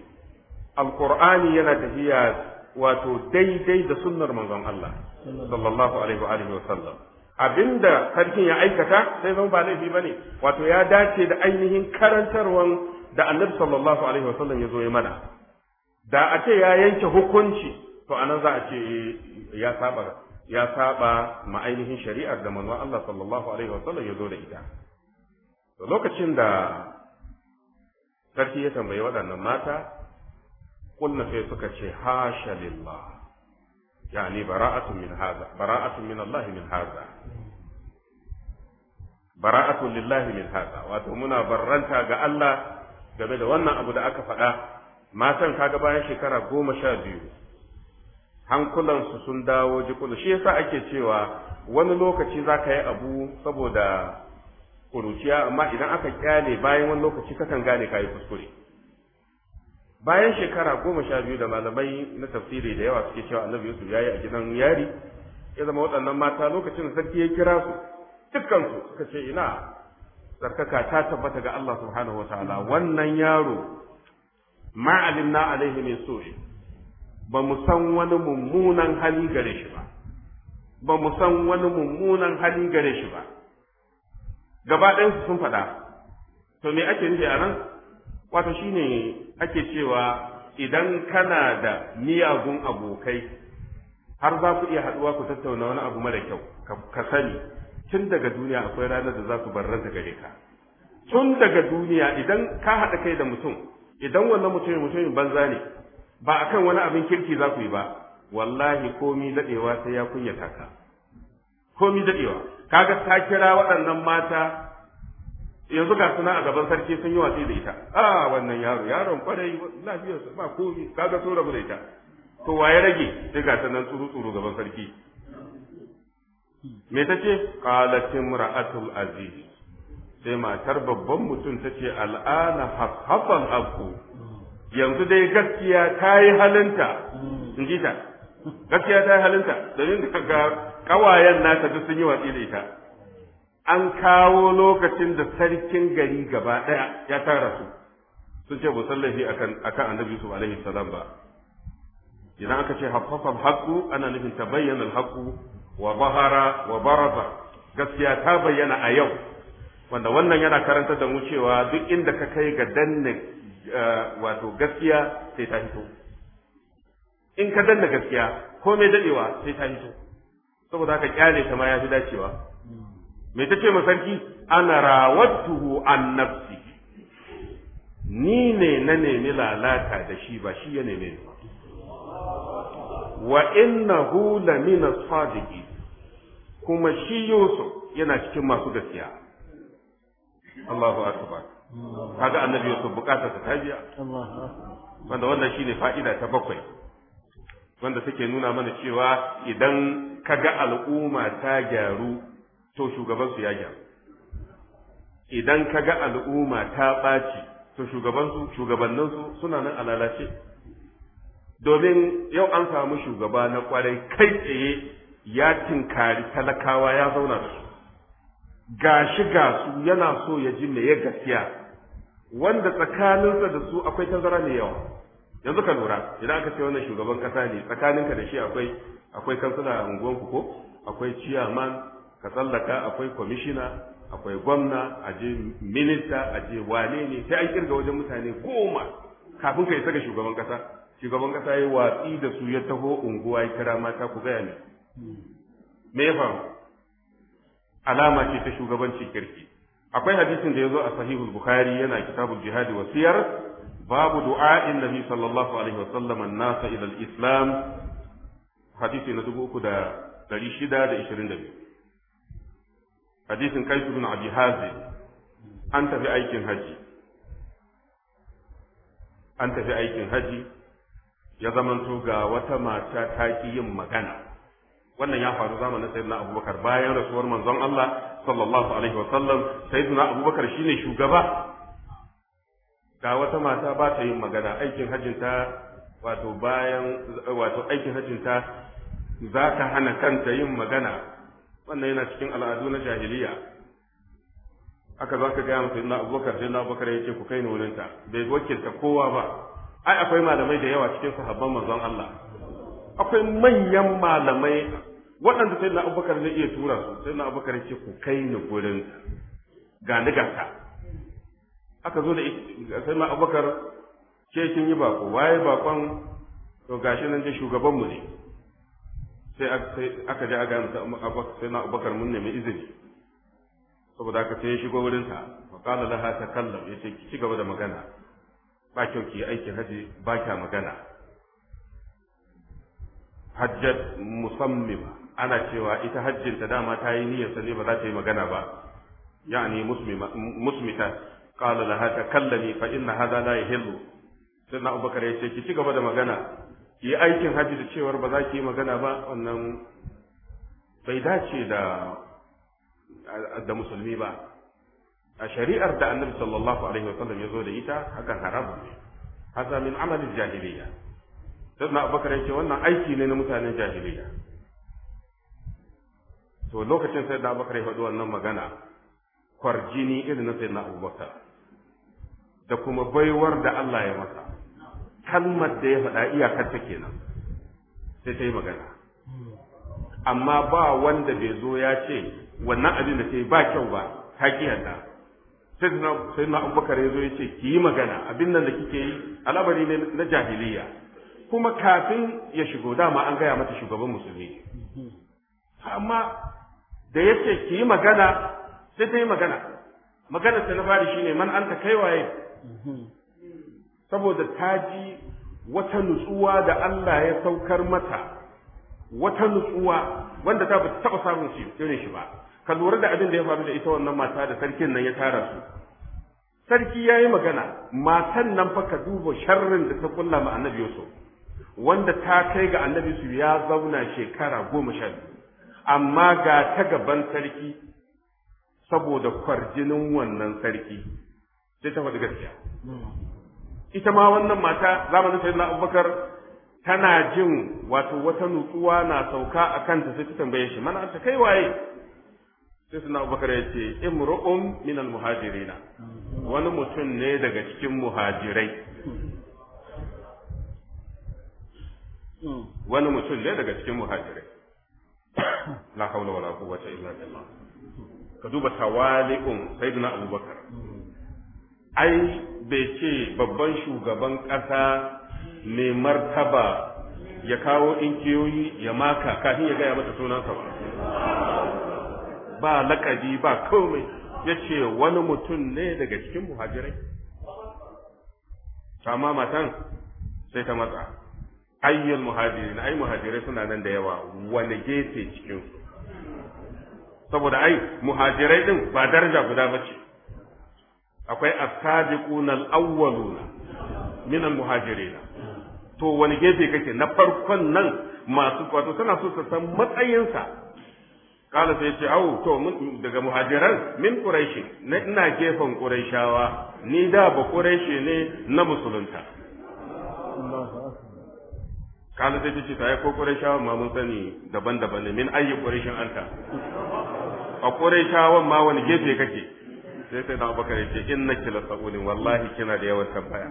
B: alqur'ani yana tafiya wato daidai da sunnar manzon Allah sallallahu alaihi wa alihi wa sallam abinda sarkin ya aikata sai zama ba laifi bane wato ya dace da ainihin karantarwan da annabi sallallahu alaihi wa sallam ya zo ya mana da a ce ya yanke hukunci to anan za a ce eh, ya saba ya saba ma ainihin shari'ar da manzon Allah sallallahu alaihi wa sallam ya zo da ita lokacin da sarki ya tambayi waɗannan mata kunna sai suka ce hasha lillah yani bara'atun min hada bara'atun min Allah min hada bara'atun lillahi min hada wato muna barranta ga Allah game da wannan abu da aka faɗa matan kaga bayan shekara goma sha biyu hankulansu sun dawo jikulu shi yasa ake cewa wani lokaci za ka yi abu saboda kuruciya amma idan aka kyale bayan wani lokaci kakan gane ka yi kuskure bayan shekara goma sha biyu da malamai na tafsiri da yawa suke cewa annabi yusuf yi a gidan yari ya zama waɗannan mata lokacin da sarki ya kira su su suka ce ina Sarkaka ta tabbata ga Allah subhanahu wataala wannan yaro na alaihi so shi ba mu san wani mummunan hali gare shi ba ba mu san wani mummunan hali gare shi ba gaba ɗayansu sun faɗa to me ake nufi a nan wato shine ake cewa idan kana da miyagun abokai har za ku iya haɗuwa ku tattauna wani abu mara kyau ka sani tun daga duniya akwai ranar da za ku bar ranta gare ka tun daga duniya idan ka haɗa kai da mutum idan wannan mutumin mutumin banza ne ba kan wani abin kirki za ku yi ba wallahi komi daɗewa sai ya kunyata ka komi daɗewa kaga ta kira waɗannan mata yanzu ga suna a gaban sarki sun yi watsi da ita a wannan yaro yaron kwarai lafiyar ba komi kaga sun rabu da ita to waye rage sai ga sanan tsuru tsuru gaban sarki me tace qalat imra'atul aziz sai matar babban mutum tace al'ana hafafan abu yanzu dai gaskiya ta yi halinta in ta gaskiya ta yi halinta domin ga kawayen nata duk sun yi watsi da ita an kawo lokacin da sarkin gari gaba ɗaya ya tara su sun ce ba sallafi akan kan annabi yusuf alaihi salam ba idan aka ce haffafa haƙu ana nufin ta haƙu wa bahara wa baraza gaskiya ta bayyana a yau wanda wannan yana karantar da mu cewa duk inda ka kai ga danne eh, wato gaskiya sai ta hito in ka danna gaskiya ko mai dadewa sai ta hito saboda haka kyale ta ma ya fi dacewa me ta ce masarki ana rawattuhu an nafsi ni ne na nemi lalata da shi ba shi ya neme ni wa innahu lamina sadiqi kuma shi Yusuf yana cikin masu gaskiya Allahu akbar kaga annabi Yusuf bukatar ta tabiya
C: wanda wannan shine fa'ida
B: ta bakwai wanda take nuna mana cewa idan kaga al'umma ta gyaru to shugaban ya gyaru idan ka ga al'umma ta ɓaci to shugabansu shugabanninsu suna nan a lalace domin yau an samu shugaba na kwarai kai tsaye ya tinkari talakawa ya zauna da su ga shi ga su yana so ya ji me ya gaskiya wanda tsakaninsa da su akwai tazara mai yawa yanzu ka lura idan aka ce wannan shugaban kasa ne tsakaninka da shi akwai akwai kansila a unguwanku ko akwai ciyaman ka tsallaka akwai kwamishina akwai gwamna a je minista a je wane ne sai an kirga wajen mutane goma kafin ka isa ga shugaban kasa shugaban kasa ya yi watsi da su ya taho unguwa ya kira mata ku gaya ne me ya faru alama ce ta shugabanci kirki akwai hadisin da ya zo a sahihul bukhari yana kitabul jihadi wa siyar babu du'a'in nabi sallallahu alaihi wa sallam an-nasa ila al-islam hadisi na dubu uku da da da shida ishirin biyu. hadisin kaisu bin abi hazi an tafi aikin haji an tafi aikin haji ya zamanto ga wata mata ta ki yin magana wannan ya faru zamanin sayyidina abubakar bayan rasuwar manzon Allah sallallahu alaihi wasallam sayyidina abubakar shine shugaba ga wata mata ba ta yin magana aikin hajjinta wato bayan wato aikin ta za ta hana kanta yin magana wannan yana cikin al'adu na jahiliya aka za ka gaya masa na abubakar sai na abubakar ya ce ku kai ni wurinta bai wakilta kowa ba ai akwai malamai da yawa cikin sahabban manzon Allah akwai manyan malamai waɗanda sai na abubakar zai iya tura su sai na abubakar ya ce ku kai ni wurinta. ga ni aka zo da sai na abubakar ce kin yi bako waye bakon to gashi nan je shugabanmu ne sai aka je a mutu sai na abubakar mun nemi izini saboda aka sai ya shigo wurinta fa qala laha ya ce ki ci gaba da magana ba kyau ki aikin haji ba kya magana hajjat musammima ana cewa ita hajjinta dama ta yi niyyar sa ne ba za ta yi magana ba yani musmita qala laha kallani. fa inna hadha la yahillu sai na abubakar ce ki ci gaba da magana ki yi aikin hajji da cewar ba za ki yi magana ba wannan bai dace da da musulmi ba a shari'ar da annabi sallallahu alaihi wasallam ya zo da ita hakan haram ne hasa min amalin jahiliya sannan abubakar ce wannan aiki ne na mutanen jahiliya to lokacin sai da abubakar ya faɗi wannan magana kwarjini irin na sai na abubakar da kuma baiwar da Allah ya masa kalmar da ya faɗa iyakar ta kenan sai ta yi magana amma ba wanda bai zo ya ce wannan abin da ta yi ba kyau ba ta ki yadda sai na abubakar ya zo ya ce ki yi magana abin nan da kike yi al'amari ne na jahiliya kuma kafin ya shigo dama an gaya mata shugaban musulmi amma da ya ce ki yi magana sai ta yi magana maganar ta na fari shine man anta ta kaiwaye. saboda ta ji wata nutsuwa da Allah ya saukar mata wata nutsuwa wanda ta ba taɓa samun shi irin shi ba ka lura da abin da ya faru da ita wannan mata da sarkin nan ya tara su sarki ya yi magana matan nan fa ka duba sharrin da ta kulla ma annabi yusuf wanda ta kai ga annabi su ya zauna shekara goma sha biyu amma ga ta gaban sarki saboda kwarjinin wannan sarki sai ta faɗi gaskiya ita ma wannan mata zamanin sayyidina abubakar tana jin wato wata nutsuwa na sauka a kanta sai ta tambaye shi mana ta kai waye sai sunan abubakar ya ce imru'un min almuhajirina wani mutum ne daga cikin muhajirai wani mutum ne daga cikin muhajirai la haula wala quwwata illa billah ka duba tawali'un sayyidina abubakar ai bai ce babban shugaban ƙasa mai martaba ya kawo inkiyoyi ya maka kafin ya gaya mata sunansa ba ba lakabi ba komai ya ce wani mutum ne daga cikin muhajirai amma matan sai ta matsa ayyul muhajirin ai muhajirai suna nan da yawa wani gefe cikin? saboda ai muhajirai din ba daraja guda ba ce akwai as-sabiquna al-awwaluna min al-muhajirin to wani gefe kake na farkon nan masu wato tana so ta san matsayinsa kala sai ce au to daga muhajiran min quraishi na ina gefen quraishawa ni da ba quraishi ne na musulunta kala sai ce ta ko quraishawa ma mun sani daban-daban ne min ayyukan quraishin anta a quraishawan ma wani gefe kake sai sai na abubakar ya ce inna kila sa'ulin wallahi kina da yawan tambaya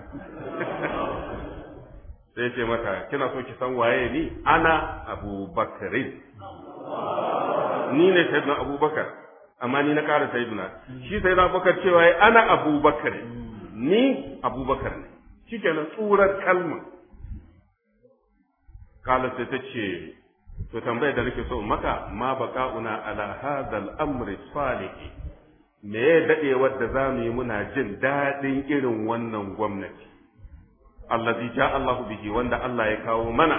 B: sai ce mata kina so ki san waye ni ana abubakarin ni ne sayyidina abubakar amma ni na kara sayyidina shi sayyidina abubakar cewa ya ana abubakar ni abubakar ne shi kenan tsurar kalma kala sai ta ce to tambayar da nake so maka ma una ala hadal amri salihi me ya daɗewar da za mu yi muna jin daɗin irin wannan gwamnati allazi ja Allahu bihi wanda Allah ya kawo mana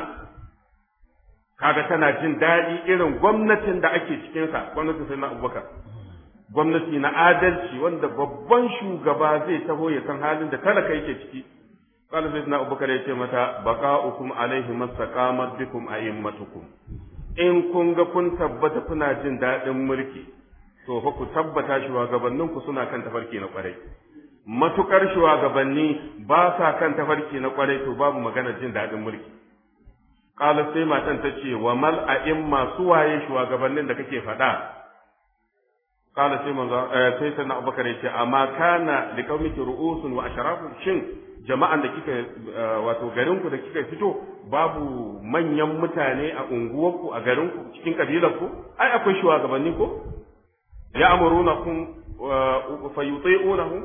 B: kaga tana jin daɗi irin gwamnatin da ake cikinsa gwamnati sai na abubakar gwamnati na adalci wanda babban shugaba zai taho ya san halin da talaka yake ciki sai na abubakar ya ce mata baqa'ukum alaihi mastaqamat bikum a'immatukum in kun ga kun tabbata kuna jin daɗin mulki to fa ku tabbata shugabannin ku suna kan tafarki na kwarai matukar shugabanni ba sa kan tafarki na kwarai to babu magana jin daɗin mulki qala sai matan ta ce wa mal masu suwaye shugabannin da kake faɗa qala sai manzo eh, sai sanna abubakar yace amma kana liqaumiki ru'usun wa ashrafun shin jama'an da kika eh, wato garin ku da kika fito babu manyan mutane a unguwarku a garin ku cikin kabilar ku ai akwai shugabanni ko ya'murunakum fa fayuti'unahu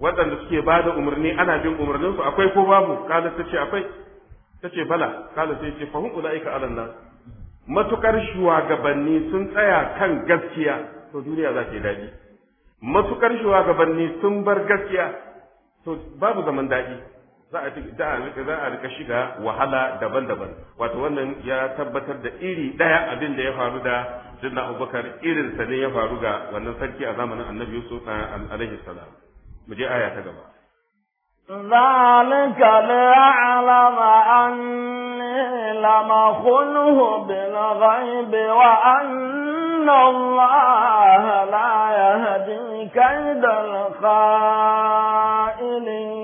B: waɗanda suke ba da umarni ana bin umarninsu akwai ko babu kada ta ce akwai ta ce bala kada sai ce fahim ula'ika alan nan matukar shuwagabanni sun tsaya kan gaskiya to duniya za ta yi daɗi matukar shugabanni sun bar gaskiya to babu zaman daɗi za a za a rika shiga wahala daban-daban wato wannan ya tabbatar da iri ɗaya abin da ya faru da jinna abubakar irin sa ne ya faru ga wannan sarki a zamanin annabi yusuf alaihi salam mu je aya ta gaba
A: ذلك ليعلم أني لم أخنه بالغيب وأن الله لا يهدي كيد الخائنين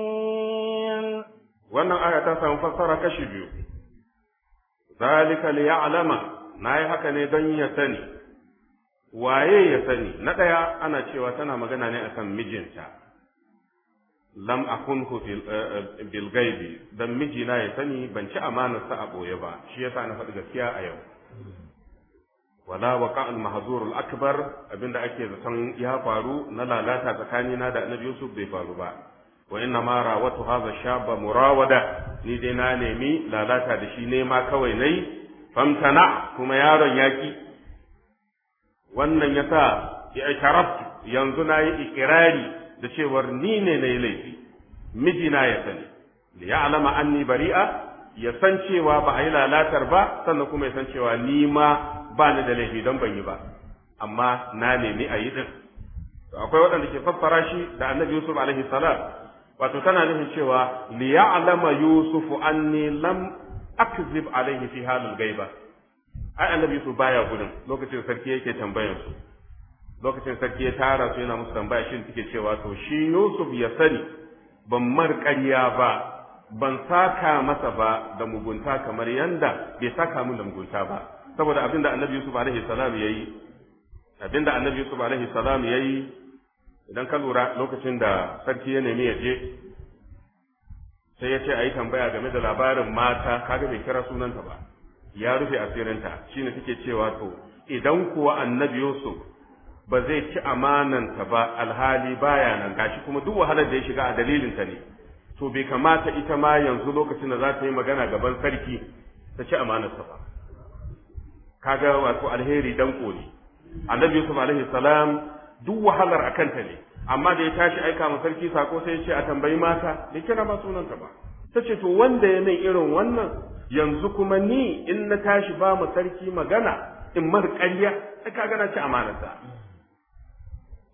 A: wannan aya ta samu fassara kashi biyu zalika li
B: na yi haka ne don ya sani waye ya sani na ɗaya ana cewa tana magana ne akan mijinta lam akunhu eh, eh, bil gaibi dan mijina ya sani ban ci sa a boye ba shi yasa na faɗi gaskiya a yau wala waqa al mahzur al akbar abinda ake zaton ya faru na lalata tsakanina da annabi Yusuf bai faru ba wa inna ma rawatu hadha shaba murawada ni dai na nemi lalata da shi nema kawai nayi famtana kuma yaron yaki wannan yasa ya ikarabtu yanzu na yi ikirari da cewar ni ne na yi laifi mijina ya sani da ya alama anni bari'a ya san cewa ba a yi lalatar ba sannan kuma ya san cewa ni ma ba ni da laifi don ban yi ba amma na nemi a yi din akwai waɗanda ke fassara shi da annabi yusuf alaihi salam wato tana nufin cewa li ya'lama yusuf anni lam akzib alayhi fi halil gaiba ai annabi yusuf baya gudun lokacin sarki yake tambayar su lokacin sarki ya tara su yana musu tambaya shin take cewa to shi yusuf ya sani ban mar ƙarya ba ban saka masa ba da mugunta kamar yanda bai saka min da mugunta ba saboda abinda annabi yusuf alaihi salam yayi abinda annabi yusuf alaihi salam yayi idan ka lura lokacin da sarki ya nemi ya je sai ya ce a yi tambaya game da labarin mata kaga bai kira sunanta ba ya rufe asirinta shine take cewa to idan kuwa annabi yusuf ba zai ci amananta ba alhali baya nan gashi kuma duk wahalar da ya shiga a dalilinta ne to bai kamata ita ma yanzu lokacin da za ta yi magana gaban sarki ta ci amanarsa ba kaga wato alheri danko ne annabi yusuf alaihi salam duk wahalar akan ta ne amma da ya tashi aika ma sarki sako sai ya ce a tambayi mata da kira ba sunanta ba ta ce to wanda ya min irin wannan yanzu kuma ni in na tashi ba mu sarki magana in mar ƙarya sai ka gana ci amanarsa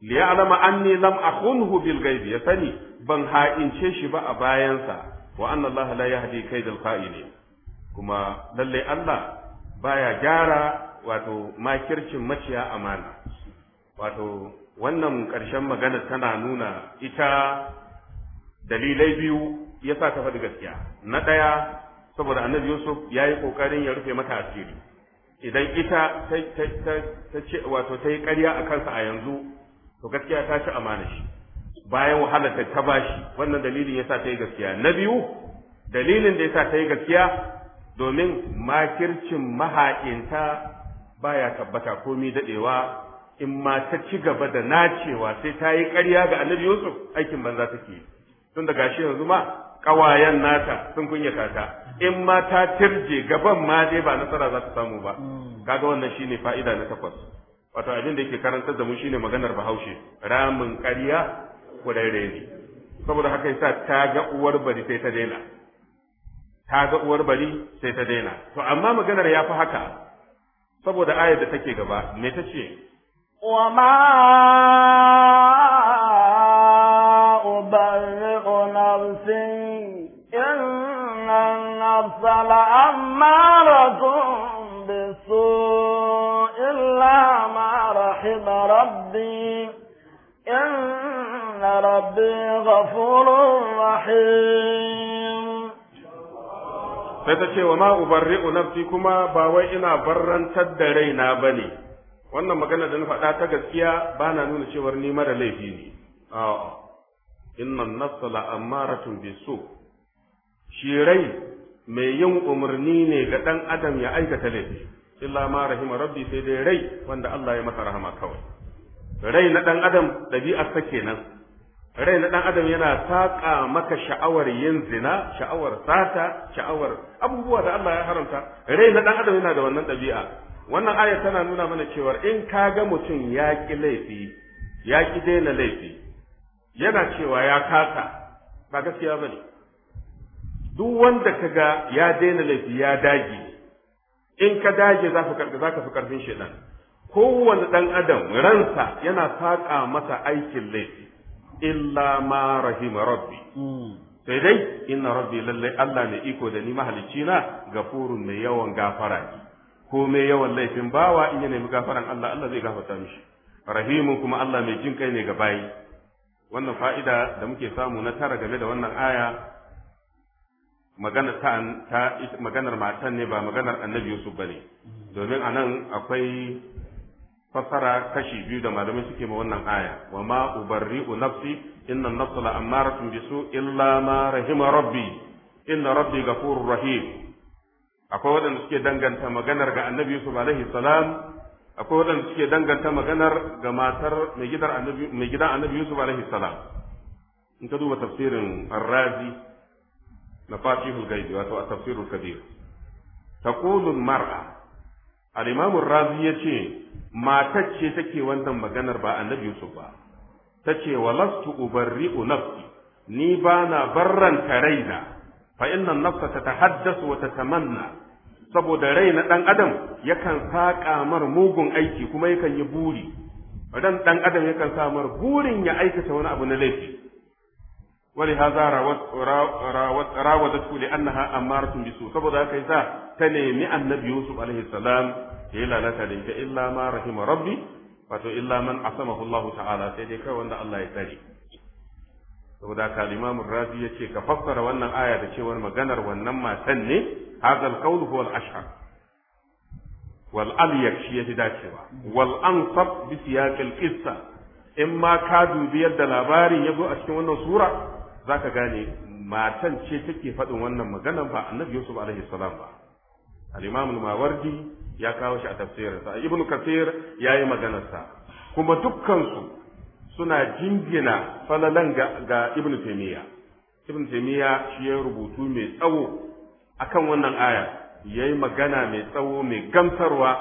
B: liya'lama anni lam akhunhu bil ghaib ya sani ban ha'ince shi ba a bayansa wa anna allaha la yahdi kaidal kuma lalle Allah baya gyara wato makircin maciya amana wato wannan ƙarshen magana tana nuna ita dalilai biyu ya sa ta faɗi gaskiya na ɗaya saboda annabi yusuf ya yi ƙoƙarin ya rufe mata asiri idan ita ta ce wato ta yi ƙarya a kansa a yanzu to gaskiya ta ci amana shi bayan wahalar ta ta bashi wannan dalilin ya sa ta yi gaskiya na biyu dalilin da ya sa ta yi gaskiya domin makircin mahaƙinta baya tabbata komi daɗewa in ma ta ci gaba da nacewa sai ta yi ƙarya ga annabi yusuf aikin banza take yi tun da gashi yanzu ma ƙawayen nata sun kunya ta in ma ta tirje gaban ma dai ba nasara za ta samu ba kaga wannan shine fa'ida na takwas wato abin da yake karantar da mu shine maganar bahaushe ramin ƙarya kurare ne saboda haka yasa ta ga uwar bari sai ta daina ta ga uwar bari sai ta daina to amma maganar ya fi haka saboda ayar da take gaba me ta ce
A: وما أبرئ نفسي إن النفس لأمارة بالسوء إلا ما رحم ربي إن ربي غفور رحيم
B: sai ta ce wa ma ubarri'u nafsi kuma ba wai ina barrantar da raina bane wannan magana da na faɗa ta gaskiya ba na nuna cewar ni mara laifi ne a'a inna nafsa la amaratun bisu shi rai mai yin umarni ne ga ɗan adam ya aikata laifi illa ma rahima rabbi sai dai rai wanda Allah ya masa rahama kawai rai na ɗan adam ɗabi'ar ta kenan rai na ɗan adam yana saƙa maka sha'awar yin zina sha'awar sata sha'awar abubuwa da Allah ya haramta rai na ɗan adam yana da wannan ɗabi'a wannan aya tana nuna mana cewa in ka ga mutum ya ki laifi ya ki daina laifi yana cewa ya kasa ba gaskiya ba ne duk wanda ka ga ya daina laifi ya dage in ka dage za ka fi karfin shaidan kowane ɗan adam ransa yana saƙa masa aikin laifi illa ma rahima rabbi hmm. sai dai inna rabbi lallai Allah ne iko da ni mahalicci na gafurun mai yawan gafara ne Ko me yawan laifin bawa in ya nemi gafaran Allah Allah zai gafarta mishi Rahimu kuma Allah mai jin kai ne ga bayi wannan fa'ida da muke samu na tara game da wannan aya maganar ta, maganar matan ne ba maganar annabi Yusuf bane domin anan akwai fassara kashi biyu da malamai suke ma wannan aya wa ma ubarri'u nafsi inna nafsa la bisu illa ma rahima rabbi inna rabbi ghafurur rahim akwai waɗanda suke danganta maganar ga annabi Yusuf alaihi salam akwai waɗanda suke danganta maganar ga matar mai gidan annabi Yusuf alaihi salam in ka duba tafsirin Ar-Razi na Fatihul Gaibi wato a tafsirul Kabir taqulu mar'a al-Imam Ar-Razi yace matar ce take wannan maganar ba annabi Yusuf ba tace walastu ubarri'u nafsi ni ba na barranta raina fa inna nafsa tatahaddasu wa tatamanna saboda rai na dan adam yakan saƙa mar mugun aiki kuma yakan yi buri ran dan adam yakan sa mar burin ya aikata wani abu na laifi ولهذا راوت راوت راودته لانها اماره بسوء saboda haka yasa ta nemi annabi yusuf alaihi salam ya lalata da ita illa ma rahima rabbi wato illa man asamahu Allah ta'ala sai dai kai wanda Allah ya tsare saboda ka limamu razi ya ce ka fassara wannan aya da cewa maganar wannan matan ne hadal qawl huwa al ashhar wal aliyak shi dacewa wal ansab bi siyaq al qissa in ma ka dubi yadda labarin ya zo a cikin wannan sura zaka gane matan ce take faɗin wannan maganar ba annabi yusuf alaihi salam ba al imam mawardi ya kawo shi a tafsirinsa ibnu kasir yayi maganarsa kuma dukkan su suna jingina falalan ga ibn taymiya ibn taymiya shi ya rubutu mai tsawo akan wannan aya yayi magana mai tsawo mai gamsarwa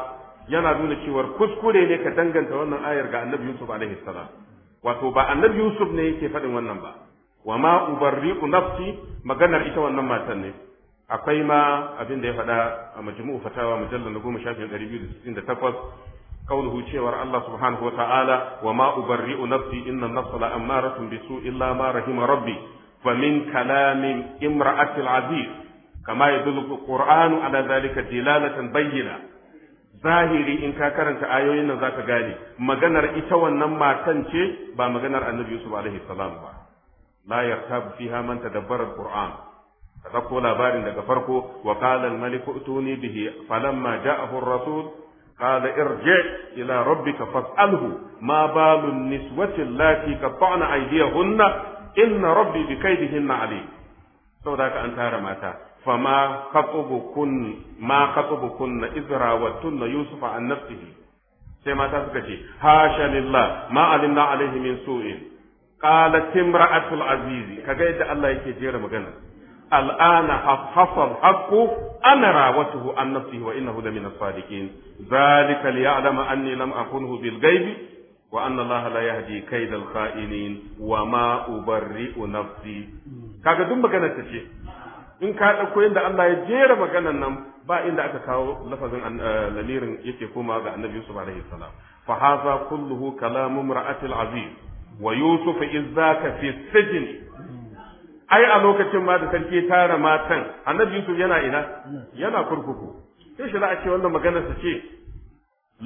B: yana nuna cewar kuskure ne ka danganta wannan ayar ga annabi yusuf alaihi salam wato ba annabi yusuf ne yake faɗin wannan ba wa ma ubarri'u nafsi maganar ita wannan matan ne akwai ma abin da ya faɗa a majmu'u fatawa mujallal na goma shafin ɗari biyu da sittin da takwas قوله شيور الله سبحانه وتعالى وما أبرئ نفسي إن النفس لأمارة بسوء إلا ما رحم ربي فمن كلام امرأة العزيز كما يدل القرآن على ذلك دلالة بينة zahiri in ka karanta ayoyin nan zaka gane maganar ita wannan matan ce ba maganar annabi Yusuf alaihi salam ba la yartabu fiha da tadabbara Kur'an. ka ɗauko labarin daga farko wa qala almaliku utuni rasul قال ارجع إلى ربك فاسأله ما بال النسوة اللاتي قطعن أيديهن إن ربي بكيدهن عليم سوداك أن ترى ماتا فما خطبكن ما خطبكن إذ راوتن يوسف عن نفسه sai mata suka ce hasha lillah ma alimna alaihi min su'in qalat imra'atul azizi kaga yadda Allah yake jera magana al’ana hassan haƙo ana rawatuhu an nafsihi wa innahu da minas sadiqin zalika li ya'lama anni lam akunhu bil ghaibi wa anna allah la yahdi kaidal kha'inin wa ma ubarri'u nafsi kaga duk maganar ce in ka dauko inda Allah ya jera maganar nan ba inda aka kawo lafazin lamirin yake koma ga annabi yusuf alaihi salam fa hadha kulluhu kalamu imra'atil aziz wa yusuf idza ka fi sijni ai a lokacin ma da sarki ya tara matan annabi Yusuf yana ina yana kurkuku sai shi za a ce wannan magana su ce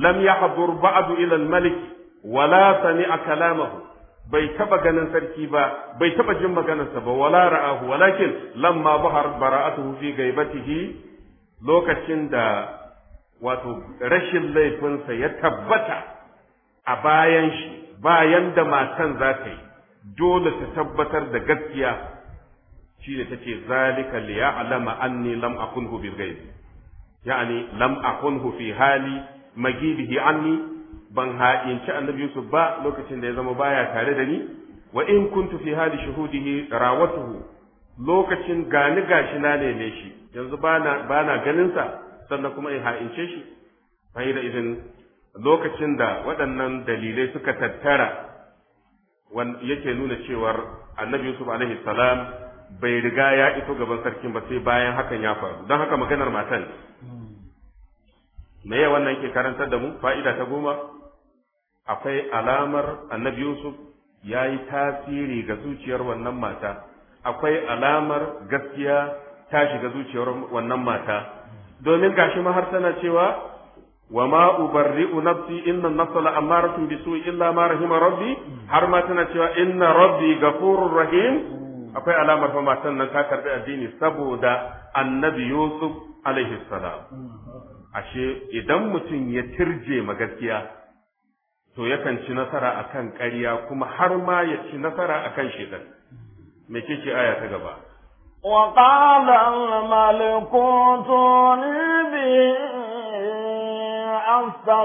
B: lam yahdur ba'du ila al-malik wala sami'a kalamahu bai taba ganin sarki ba bai taba jin maganarsa ba wala ra'ahu walakin lamma bahar bara'atuhu fi gaibatihi lokacin da wato rashin laifinsa ya tabbata a bayan shi bayan da matan za ta yi dole ta tabbatar da gaskiya shi da tace zalika li ya'lama anni lam akunhu bil ghaib yani lam akunhu fi hali magibihi anni ban ha'inci annabi Yusuf ba lokacin da ya zama baya tare da ni wa in kuntu fi hali shuhudihi rawatuhu lokacin gani gashi na ne shi yanzu bana bana ganin sa sannan kuma in ha'ince shi fa da idan lokacin da waɗannan dalilai suka tattara yake nuna cewar annabi Yusuf alaihi salam bai riga ya iso gaban sarkin ba sai bayan hakan ya faru don haka maganar matan me ya wannan ke karantar da mu fa'ida ta goma akwai alamar annabi yusuf ya yi tasiri ga zuciyar wannan mata akwai alamar gaskiya ta shiga zuciyar wannan mata domin gashi ma har tana cewa wa ma ubarri'u nafsi inna nafsa la amaratun bisu'i illa ma rahima rabbi har ma tana cewa inna rabbi ghafurur rahim akwai alamar fa matan nan ta karbi addini saboda annabi yusuf alaihi salam ashe idan mutum ya tirje ma gaskiya to yakan ci nasara akan ƙarya kuma har ma ya ci nasara akan shedan me kike aya ta gaba
A: وقال الملك ائتوني به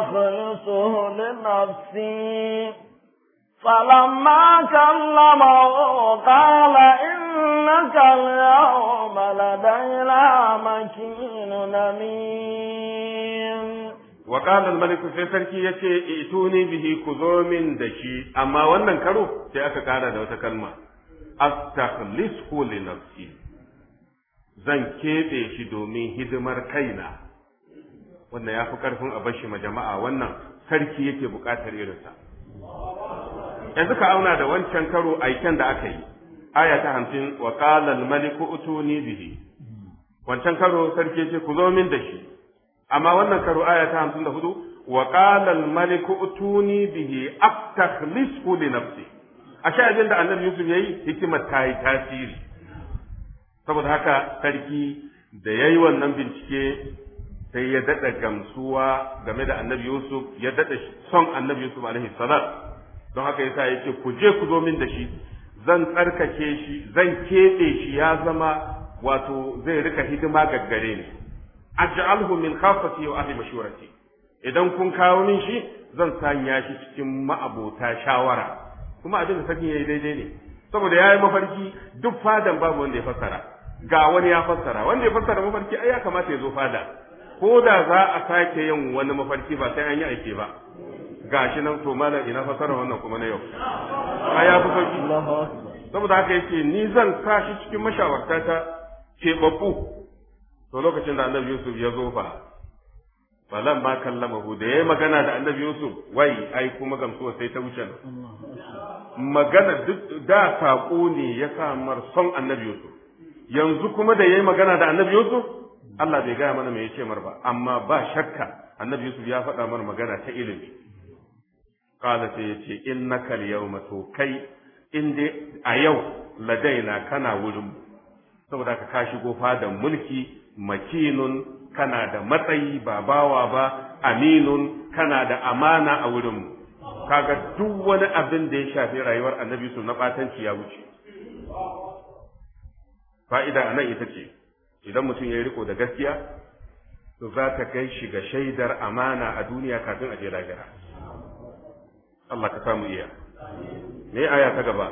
A: لنفسي فلما كلمه قال إنك اليوم لدينا مكين أمين
B: وقال الملك sai sarki yace, ce ituni bihi ku zo min da shi amma wannan karo sai aka ƙara da wata kalma astakhlishu li nafsi zan keɓe shi domin hidimar kaina wannan ya fi ƙarfin a bashi ma jama'a wannan sarki yake buƙatar irinsa yanzu ka auna da wancan karo aiken da aka yi aya ta hamsin wa qala al maliku utuni bihi wancan karo sarki ce ku zo min da shi amma wannan karo aya ta hamsin da hudu wa qala al maliku utuni bihi astakhlisu li nafsi ashe abin da annabi yusuf yayi hikimar ta yi tasiri saboda haka sarki da yayi wannan bincike sai ya daɗa gamsuwa game da annabi Yusuf ya daɗa son annabi Yusuf alaihi salam don haka yasa yake ku je ku zo min da shi zan tsarkake shi zan keɓe shi ya zama wato zai rika hidima gaggare ni aj'alhu min khafati wa ahli mashurati idan kun kawo min shi zan sanya shi cikin ma'abota shawara kuma abin da sakin yayi daidai ne saboda yayi mafarki duk fadan babu wanda ya fassara ga wani ya fassara wanda ya fassara mafarki ai ya kamata ya zo fada ko da za a sake yin wani mafarki ba sai an yi aike ba Ga shi nan to malam ina fasara wannan kuma na yau a ya fi sauki saboda haka yake ni zan sa cikin mashawarta ta keɓaɓɓu to lokacin da annabi yusuf ya zo ba zan ba kallamahu da ya yi magana da annabi yusuf wai ai kuma gamsuwa sai ta wuce magana duk da saƙo ne ya samar son annabi yusuf yanzu kuma da ya yi magana da annabi yusuf Allah bai gaya mana mai ce mar ba amma ba shakka annabi yusuf ya faɗa mana magana ta ilimi Kala sai yace innaka al-yawma to kai in dai a yau ladaina kana wurin saboda ka ka shigo fadan mulki makinun kana da matsayi ba bawa ba aminun kana da amana a wurin mu. kaga duk wani abin da ya shafi rayuwar annabi su na batanci ya wuce fa'ida a nan ita ce idan mutum ya riko da gaskiya to za ta kai shi ga shaidar amana a duniya kafin a je lahira Allah ka samu iya me aya ta gaba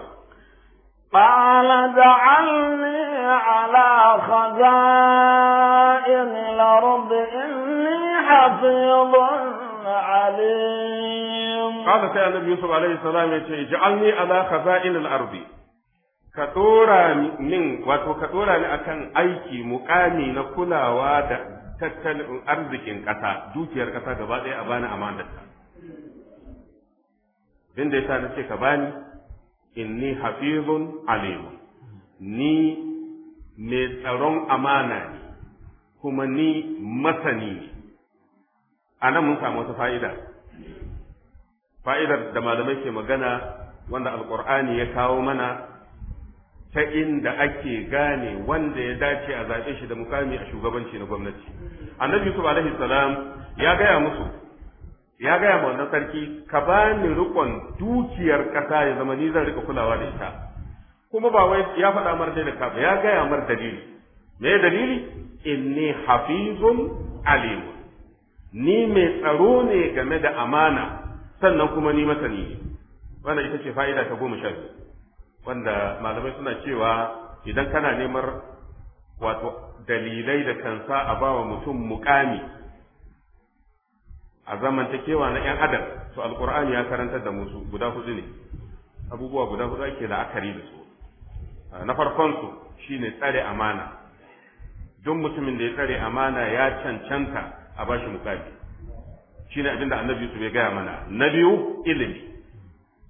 A: قال اجعلني على خزائن الأرض إني حفيظ عليم قال
B: سيدنا النبي يوسف عليه السلام اجعلني على خزائن الأرض ka ɗora min wato ka ɗora ni akan aiki mukami na kulawa da tattalin arzikin ƙasa dukiyar ƙasa gaba ɗaya a bani bin da yasa ce ka bani inni hafizun alim ni mai tsaron amana ne kuma ni masani ne a nan mun samu wata fa'ida fa'idar da malamai ke magana wanda alƙur'ani ya kawo mana ta inda ake gane wanda ya dace a zaɓe shi da mukami a shugabanci na gwamnati annabi yusuf alaihi salam ya gaya musu ya gaya ma wannan sarki ka ba ni rikon dukiyar ƙasa ya zama ni zan rika kulawa da ita kuma ba wai ya faɗa mar da ka ya gaya mar dalili me dalili inni hafizun alim ni mai tsaro ne game da amana sannan kuma ni masani ne wannan ita ce fa'ida ta goma sha wanda malamai suna cewa idan kana neman wato dalilai da kansa a bawa mutum mukami a zamantakewa na ‘yan adam to alkur'ani ya karantar da musu guda hudu ne abubuwa guda hudu ake la'akari da su na farkonsu shi ne tsare amana duk mutumin da ya tsare amana ya cancanta a bashi mukabi shi ne abin annabi su bai gaya mana na biyu ilimi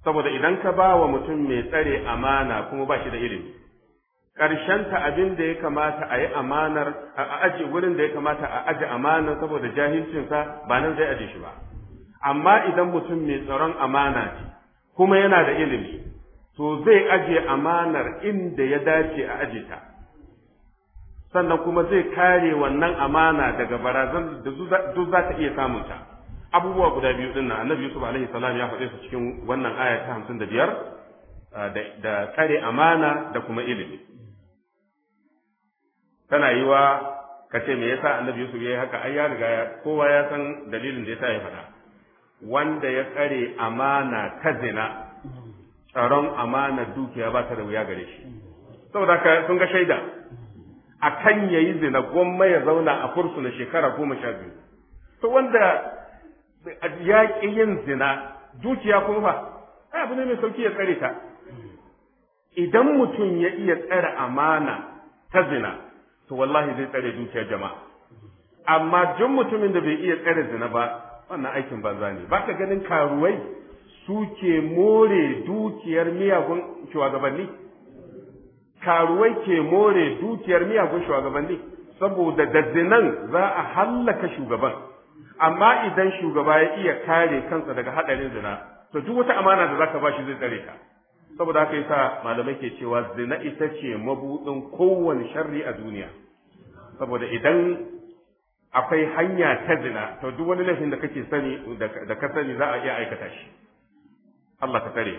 B: saboda idan ka ba wa mutum mai tsare amana kuma ba shi da ilimi ta abin da ya kamata a yi amanar a aje wurin da ya kamata a aje amanar saboda jahilcinsa ba nan zai aje shi ba amma idan mutum mai tsaron amana ce kuma yana da ilimi to zai aje amanar inda ya dace a aje ta sannan kuma zai kare wannan amana daga barazan da duk za ta iya samun ta abubuwa guda biyu din nan annabi yusuf alaihi salam ya faɗe su cikin wannan aya ta biyar, da tsare amana da kuma ilimi tana yi wa ka ce me yasa annabi yusuf ya yi haka ai ya riga kowa ya san dalilin da yasa ya faɗa wanda ya tsare amana ta zina tsaron amana dukiya ba ta da wuya gare shi saboda ka sun ga shaida a kan ya yi zina gwamma ya zauna a kursu na shekara goma sha biyu to wanda ya ƙi yin zina dukiya kuma fa ai abu ne mai sauki ya tsare ta idan mutum ya iya tsare amana ta zina to wallahi zai tsare dukiyar jama'a amma duk mutumin da bai iya tsare zina ba wannan aikin banza ne ba ka ganin karuwai suke more dukiyar miyagun shugabanni karuwai ke more dukiyar miyagun shugabanni saboda da zinan za a hallaka shugaban amma idan shugaba ya iya kare kansa daga haɗarin zina to duk wata amana da zaka ba shi zai tsare ka saboda haka yasa malamai ke cewa zina ita ce mabudin kowane sharri a duniya saboda idan akwai hanya ta zina to duk wani laifin da kake sani da ka sani za a iya aikata shi Allah ka tare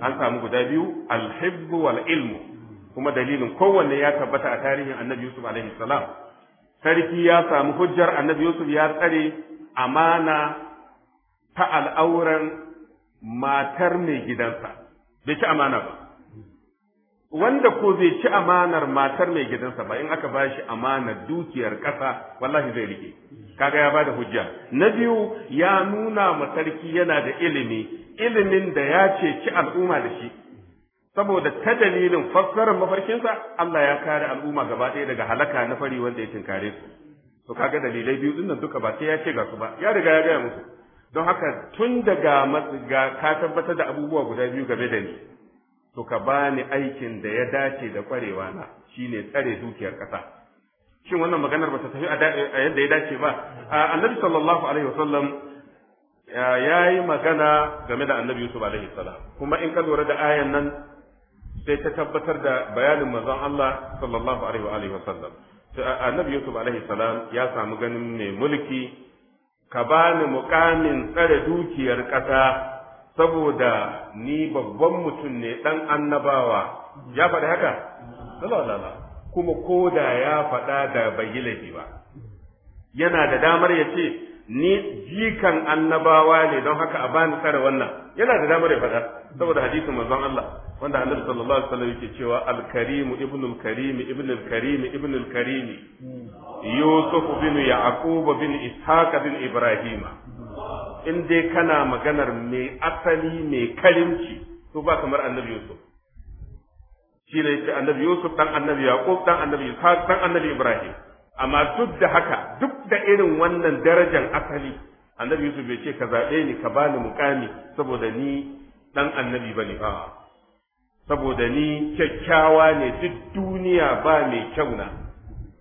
B: an samu guda biyu alhibbu wal ilmu kuma dalilin kowanne ya tabbata a tarihin annabi yusuf alaihi salam sarki ya samu hujjar annabi yusuf ya tsare amana ta al'auran matar mai gidansa bai ci amana ba wanda ko bai ci amanar matar mai gidansa ba in aka ba shi amanar dukiyar ƙasa wallahi zai rike kaga ya bada hujja na biyu ya nuna ma sarki yana da ilimi ilimin da ya ce ci al'umma da shi saboda ta dalilin fassarar mafarkinsa Allah ya kare al'umma gaba ɗaya daga halaka na fari wanda ya tinkare su to kaga dalilai biyu dinnan duka ba sai ya ce ga su ba ya riga ya gaya musu don haka tun daga matsiga ka tabbatar da abubuwa guda biyu game da ni to ka bani aikin da ya dace da kwarewa na shine tsare dukiyar ƙasa shin wannan maganar ba ta tafi a yadda ya dace ba annabi sallallahu alaihi wasallam ya yi magana game da annabi Yusuf alaihi salam kuma in ka lura da ayan nan sai ta tabbatar da bayanin manzon Allah sallallahu alaihi wa alihi annabi Yusuf alaihi salam ya samu ganin mai mulki ka ba ni muƙamin tsare dukiyar ƙasa saboda ni babban mutum ne ɗan annabawa ya faɗi haka? Lalala kuma ko da ya faɗa da bai yi laifi ba yana da damar ya ce ni jikan annabawa ne don haka a bani tsare wannan yana da damar ya faɗa saboda hadisin manzon Allah wanda annabi sallallahu alaihi wasallam yake cewa al-karimu al karimi al karimi al karimi yusuf bin yaqub bin ishaq bin ibrahim in dai kana maganar mai asali mai karimci to ba kamar annabi yusuf shi ne annabi yusuf dan annabi yaqub dan annabi ishaq dan annabi ibrahim amma duk da haka duk da irin wannan darajar asali annabi yusuf bai ce ka zaɓe ni ka bani mukami saboda ni dan annabi bane ba saboda ni kyakkyawa ne duk duniya ba mai kyau na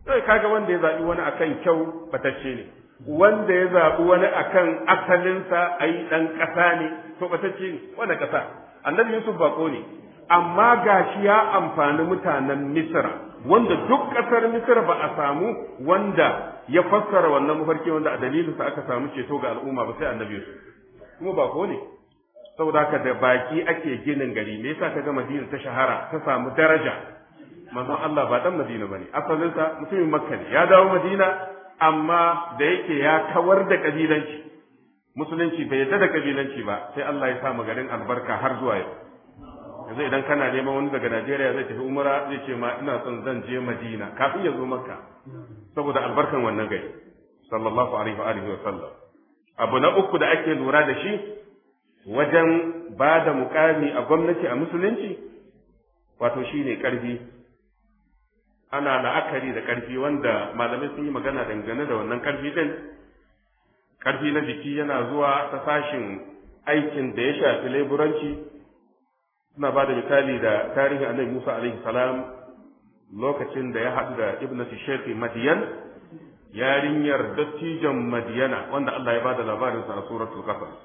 B: sai kaga wanda ya zabi wani akan kyau batacce ne wanda ya zabi wani akan asalinsa ai dan ƙasa ne to batacce ne wanda ƙasa annabi yusuf baƙo ne amma gashi ya amfani mutanen misra wanda duk ƙasar misir ba a samu wanda ya fassara wannan mafarki wanda a dalilinsa aka samu ceto ga al'umma ba sai annabi yusuf kuma ba ko ne saboda haka da baki ake ginin gari me yasa kaga madina ta shahara ta samu daraja Manzo Allah ba dan madina bane asalinsa mutumin makka ne ya dawo madina amma da yake ya kawar da kabilanci musulunci bai yarda da kabilanci ba sai Allah ya sa garin albarka har zuwa yau yanzu idan kana neman wani daga Najeriya zai tafi umara zai ce ma ina son zan je Madina kafin ya zo Makka saboda albarkan wannan gari sallallahu alaihi wa alihi wa sallam abu na uku da ake lura da shi wajen ba da mukami a gwamnati a musulunci wato shine karfi ana la'akari da karfi wanda malamai sun yi magana dangane da wannan karfi din karfi na jiki yana zuwa ta sashin aikin da ya shafi leburanci suna ba da misali da tarihin annabi Musa alaihi salam lokacin da ya haɗu da ibnati shafi madiyan yarinyar dattijan madiyana wanda Allah ya ba da labarinsa a suratul qasas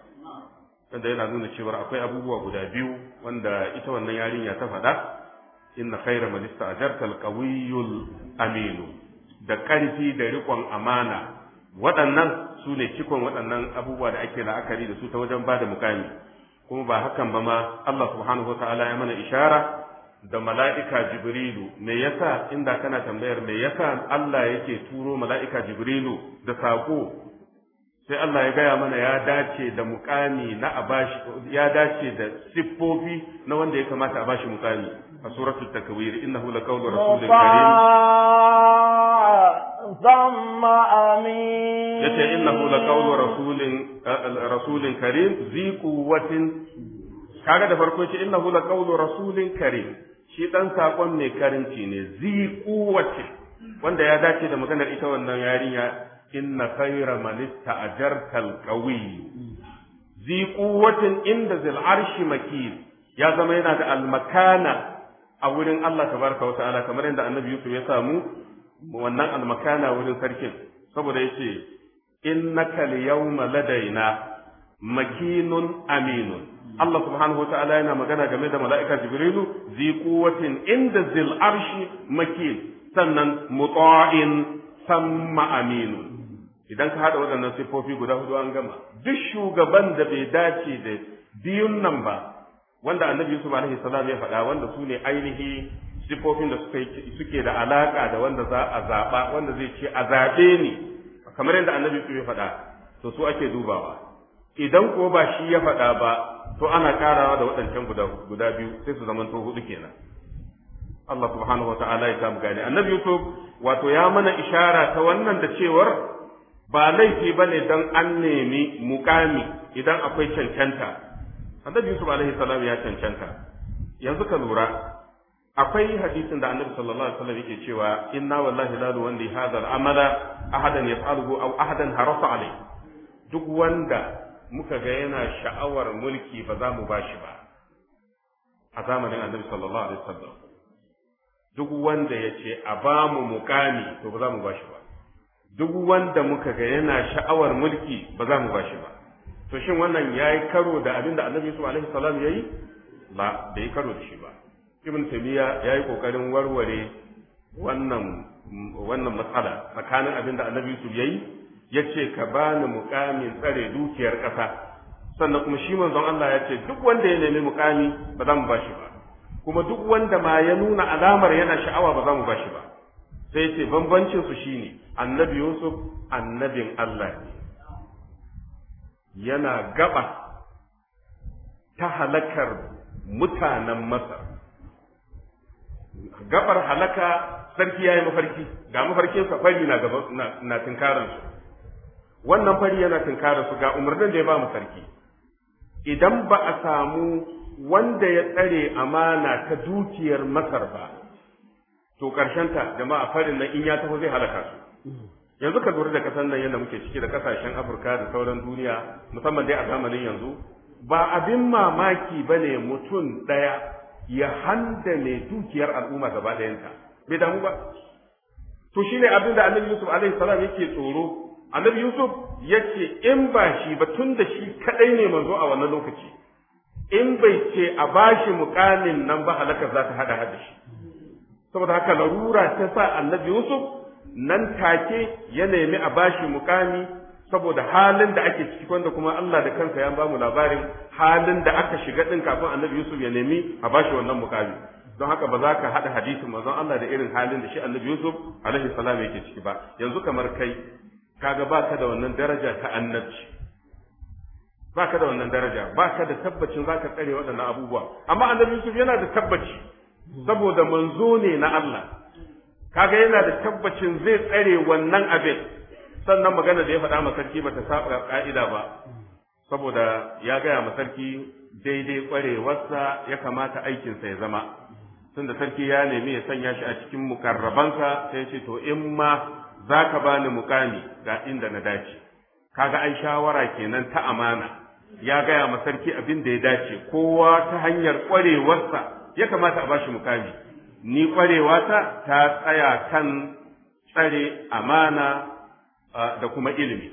B: wanda yana nuna cewa akwai abubuwa guda biyu wanda ita wannan yarinya ta faɗa inna khayra man ista'jarta al-qawiyyul aminu da karfi da riƙon amana waɗannan sune ne cikon waɗannan abubuwa da ake la'akari da su ta wajen ba da mukami kuma ba hakan ba ma Allah subhanahu wata'ala ya mana ishara da mala'ika Jibrilu me yasa inda kana tambayar me yasa Allah yake turo mala'ika Jibrilu da saƙo sai Allah ya gaya mana ya dace da mukami na abashi ya dace da siffofi na wanda ya kamata a bashi mukami a suratul takwir innahu laqawlu rasulil karim
A: zamma amin yace innahu laqawlu
B: rasulin eh, rasulin karim zi quwwatin kaga da farko yace innahu laqawlu rasulin karim shi dan sakon mai karinci ne zi wanda ya dace da maganar ita wannan yarinya inna khayra man ista'jarta alqawi zi quwwatin inda zil arshi ya zama yana da almakana a wurin Allah tabaraka wa kamar yadda annabi Yusuf ya samu wannan almakana wurin sarkin saboda yace innaka liyawma ladaina makinun aminun Allah subhanahu wata'ala yana magana game da mala'ika Jibrilu zi quwwatin inda zil arshi makin sannan muta'in samma Aminu. idan ka haɗa waɗannan sifofi guda hudu an gama duk shugaban da bai dace da biyun nan ba wanda annabi Yusuf alaihi salam ya faɗa wanda sune ainihi sifofin da suka suke da alaka da wanda za a zaɓa wanda zai ce a zaɓe ni kamar yadda annabi su ya faɗa to su ake dubawa idan ko ba shi ya faɗa ba to ana karawa da waɗancan guda guda biyu sai su zamanto hudu kenan Allah subhanahu wa ta'ala ya samu gane annabi Yusuf wato ya mana ishara ta wannan da cewar ba laifi ba ne dan an nemi mukami idan akwai cancanta annabi Yusuf alaihi salam ya cancanta yanzu ka lura akwai hadisin da annabi sallallahu alaihi wasallam yake cewa inna wallahi la nuwalli hadha al-amala ahadan yaf'aluhu aw ahadan harasa alayhi duk wanda muka ga yana sha'awar mulki ba za mu bashi ba a zamanin annabi sallallahu alaihi wasallam duk wanda ya ce a ba mu mukami to ba za mu bashi ba duk wanda muka ga yana sha'awar mulki ba za mu bashi ba to shin wannan yayi karo da abin da annabi sallallahu alaihi wasallam yayi ba bai karo da shi ba ibn taymiya yi kokarin warware wannan wannan matsala tsakanin abin da annabi yusuf ya yayi yace ka bani mukamin tsare dukiyar ƙasa sannan kuma shi manzon Allah ya ce duk wanda ya nemi mukami ba za mu bashi ba kuma duk wanda ma ya nuna alamar yana sha'awa ba za mu bashi ba sai ce bambancin su shine annabi yusuf annabin Allah yana gaba ta halakar mutanen masar gabar halaka sarki yi mafarki ga mafarkin fari na gaba na tinkaran wannan fari yana tinkara su ga umarnin da ya ba mu sarki idan ba a samu wanda ya tsare amana ta dukiyar Masar ba to ta jama'a farin nan in ya taho zai halaka su yanzu ka lura da kasan nan yadda muke ciki da kasashen Afirka da sauran duniya musamman dai a zamanin yanzu ba abin mamaki bane mutum ɗaya. ya handame dukiyar al'umma gaba ɗayanta bai damu ba to shine abin da annabi yusuf alaihi salam yake tsoro annabi yusuf yace in ba shi ba tun da shi kadai ne manzo a wannan lokaci in bai ce a bashi mukamin nan ba halaka za ta hada hada shi saboda haka larura ta sa annabi yusuf nan take ya nemi a bashi mukami saboda halin da ake ciki wanda kuma Allah da kansa ya bamu labarin halin da aka shiga din kafin Annabi Yusuf ya nemi a bashi wannan mukami don haka ba za ka haɗa hadisin manzon Allah da irin halin da shi Annabi Yusuf alaihi salam yake ciki ba yanzu kamar kai kaga ba ka da wannan daraja ta annabci ba ka da wannan daraja ba ka da tabbacin za ka tsare waɗannan abubuwa amma Annabi Yusuf yana da tabbaci saboda manzo ne na Allah kaga yana da tabbacin zai tsare wannan abin sannan magana da ya faɗa ma sarki bata saba ƙa'ida ba saboda ya gaya ma sarki daidai ƙwarewarsa ya kamata aikinsa ya zama tunda sarki ya nemi ya sanya shi a cikin mukarrabansa sai ce to in ma za ka bani mukami ga inda na dace Ka ga an shawara kenan ta amana ya gaya ma sarki abin da ya dace kowa ta hanyar kwarewarsa ya kamata a bashi mukami ni kwarewata ta tsaya kan tsare amana da kuma ilimi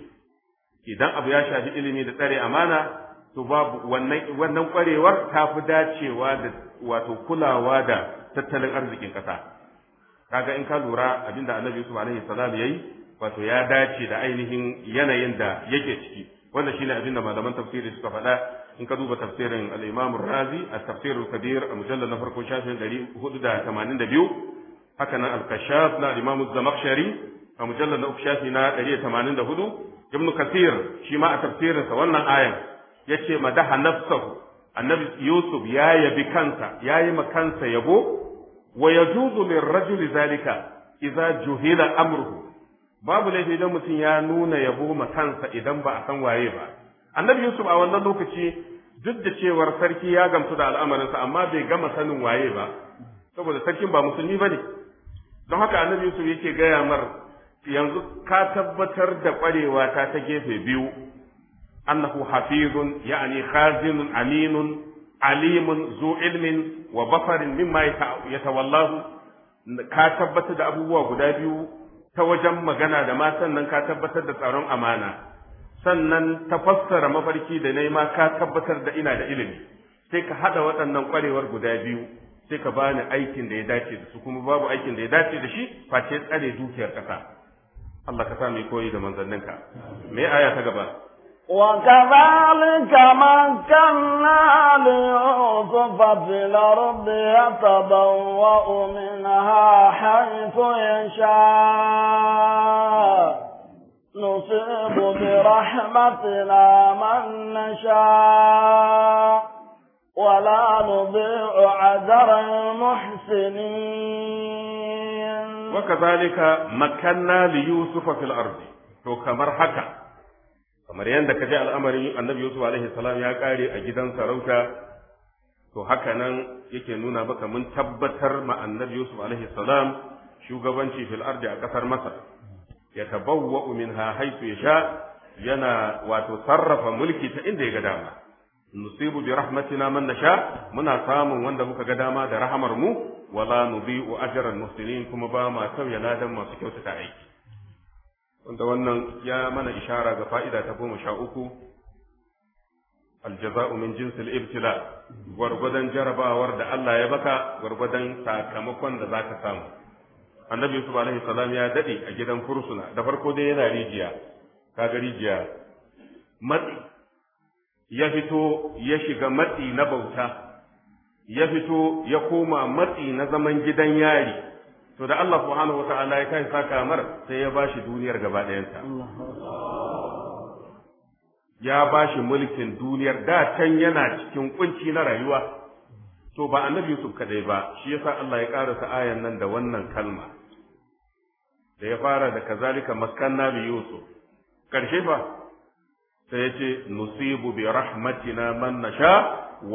B: idan abu ya shafi ilimi da tsare amana to babu wannan wannan kwarewar ta fi dacewa da wato kulawa da tattalin arzikin ƙasa kaga in ka lura abinda annabi yusuf alaihi salam yayi wato ya dace da ainihin yanayin da yake ciki wanda shine abin da malaman tafsiri suka faɗa in ka duba tafsirin al-Imam razi a al Kabir a mujallal na farko shafin 482
D: haka nan al-Kashaf na al-Imam Az-Zamakhshari a mujallar na uku shafi na ɗari tamanin da hudu ibn kasir shi ma a
B: tafsirinsa wannan ayan ya ce ma madaha nafsahu annabi yusuf ya yabi kansa ya yi ma kansa yabo wa yajuzu lirrajuli zalika Iza juhila amruhu babu laifi idan mutum ya nuna yabo ma kansa idan ba a san waye ba annabi yusuf a wannan lokaci duk da cewar sarki ya gamsu da al'amarinsa amma bai gama sanin waye ba saboda sarkin ba musulmi ba ne. don haka annabi yusuf yake gaya mar yanzu ka tabbatar da ƙwarewa ta ta gefe biyu
D: annahu hafizun ya'ani khazinun aminun
B: alimun zu ilmin wa bafarin mimma yatawallahu ka tabbatar da abubuwa guda biyu ta wajen magana da ma sannan ka tabbatar da tsaron amana sannan ta fassara mafarki da nema ka tabbatar da ina da ilimi sai ka haɗa waɗannan ƙwarewar guda biyu sai ka bani aikin da ya dace da su kuma babu aikin da ya dace da shi face tsare dukiyar ƙasa الله ka sa mu koyi da manzanninka me aya ta gaba
A: وكذلك مكنا ليوسف في الأرض يتبوأ منها حيث يشاء نصيب برحمتنا من نشاء ولا نضيع عذر المحسنين
B: wa kazalika makanna li yusufa fil ardi to kamar haka kamar yadda je al'amarin annabi yusuf alaihi salam ya ƙare a gidan sarauta to haka nan yake nuna maka mun tabbatar ma annabi yusuf alaihi salam shugabanci fil ardi a ƙasar masar ya tabawwa minha ya sha, yana wato sarrafa mulki ta inda ya ga dama nusibu bi rahmatina man nasha muna samun wanda muka ga dama da rahamar mu wala nudhi'u ajran muslimin kuma ba ma sauya ladan masu ta aiki wanda wannan ya mana ishara ga fa'ida ta goma sha uku aljaza'u min jinsil ibtila gwargwadon jarabawar da Allah ya baka gwargwadon sakamakon da zaka samu annabi yusuf alaihi ya dade a gidan fursuna da farko dai yana rijiya kaga rijiya matsi ya fito ya shiga matsi na bauta ya fito ya koma matsi na zaman gidan yari to da Allah subhanahu wata'ala ya kai saka mar sai ya bashi duniyar gaba ɗayanta ya ba shi mulkin duniyar da can yana cikin kunci na rayuwa to ba annabi Yusuf kadai ba shi yasa Allah ya ƙarasa ayan nan da wannan kalma da ya fara da kazalika maskan Yusuf karshe ba sai ya ce nusibu bi rahmatina man nasha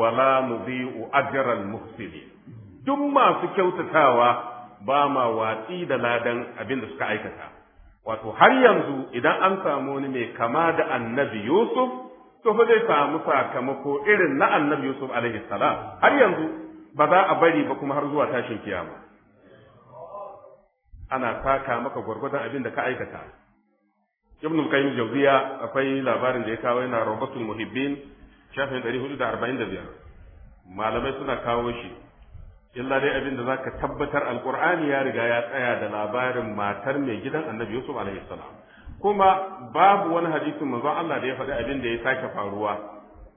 B: wala nudhi'u al muhsinin duk masu kyautatawa ba ma watsi da ladan abin da suka aikata wato har yanzu idan an samu wani mai kama da annabi Yusuf to fa zai samu sakamako irin na annabi Yusuf alaihi salam har yanzu ba za a bari ba kuma har zuwa tashin kiyama ana taka maka gwargwadon abin da ka aikata ibn al-qayyim jawziya akwai labarin da ya kawo yana rabatul muhibbin shafin 445 malamai suna kawo shi illa dai abin da zaka tabbatar alqur'ani ya riga ya tsaya da labarin matar mai gidan annabi yusuf alaihi salam kuma babu wani hadisin manzon Allah da ya faɗi abin da ya sake faruwa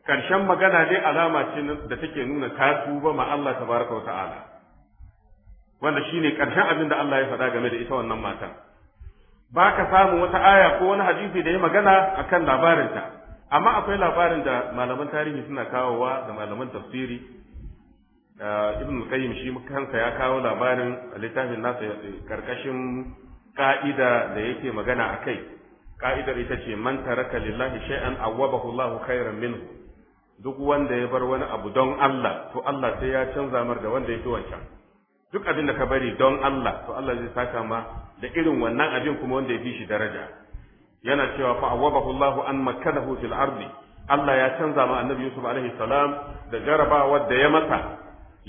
B: karshen magana dai alama ce da take nuna ta tuba ma Allah tabaraka wa ta'ala wanda shine karshen abin da Allah ya faɗa game da ita wannan matar. ba ka samu wata aya ko wani hadisi da ya magana akan labarinta amma akwai labarin da malaman tarihi suna kawowa da malaman tafsiri eh, ibn qayyim shi kansa ya kawo labarin littafin nasa eh, karkashin ka'ida da yake magana a kai ka'idar ita ce man taraka lillahi shay'an awwabahu Allah khairan minhu duk wanda ya bar wani abu don Allah to Allah sai ya canza mar da wanda yake wancan duk abin da ka bari don Allah to Allah zai saka ma da irin wannan abin kuma wanda ya fi shi daraja yana cewa fa awabahu Allahu an makkanahu fil ardi Allah ya canza ma Annabi Yusuf alaihi salam da jarabawar da ya masa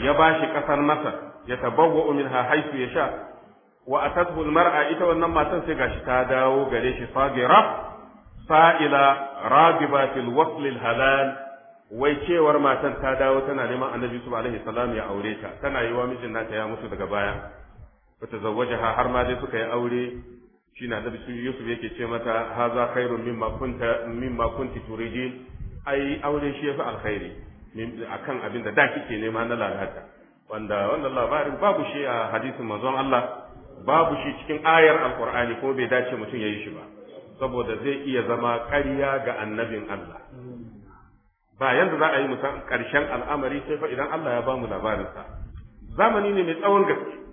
B: ya bashi kasar Masar ya tabawwa minha haythu yasha wa atathu al mar'a ita wannan matan sai gashi ta dawo gare shi sagira sa'ila ragiba fil wasl al halal wai cewar matan ta dawo tana neman Annabi Yusuf alaihi salam ya aure ta tana yiwa mijin nata ya mutu daga baya wata zawajaha har ma dai suka yi aure
D: shi na nabi yusuf yake ce mata haza khairun mimma kunta mimma kunti turiji ai aure shi yafi alkhairi akan abin da da kike nema na lalata
B: wanda wannan labarin babu shi a hadisin manzon Allah babu shi cikin ayar alqur'ani ko bai dace mutum yayi shi ba saboda zai iya zama ƙarya ga annabin Allah ba yanda za a yi musan ƙarshen al'amari sai fa idan Allah ya ba mu labarinsa zamani ne mai tsawon gaske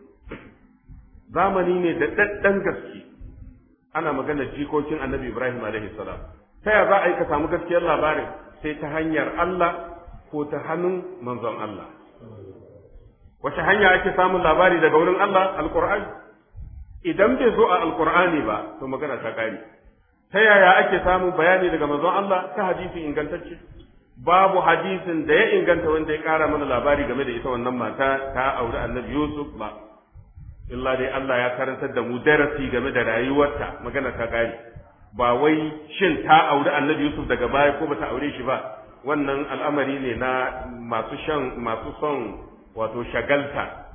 B: zamani ne da daddan gaske ana magana jikokin annabi ibrahim alaihi salam ta ya za a yi ka samu gaskiyar labarin sai ta hanyar allah ko ta hannun manzon allah wace hanya ake samun labari daga wurin allah alqur'ani idan bai zo a alqur'ani ba to magana ta kare ta yaya ake samun bayani daga manzon allah ta hadisi ingantacce babu hadisin da ya inganta wanda ya kara mana labari game da ita wannan mata ta auri annabi yusuf ba illa dai Allah ya karantar da mu darasi game da rayuwarta magana ta gari ba wai shin ta auri annabi Yusuf daga baya ko bata aure shi ba wannan al'amari ne na masu shan masu son wato shagalta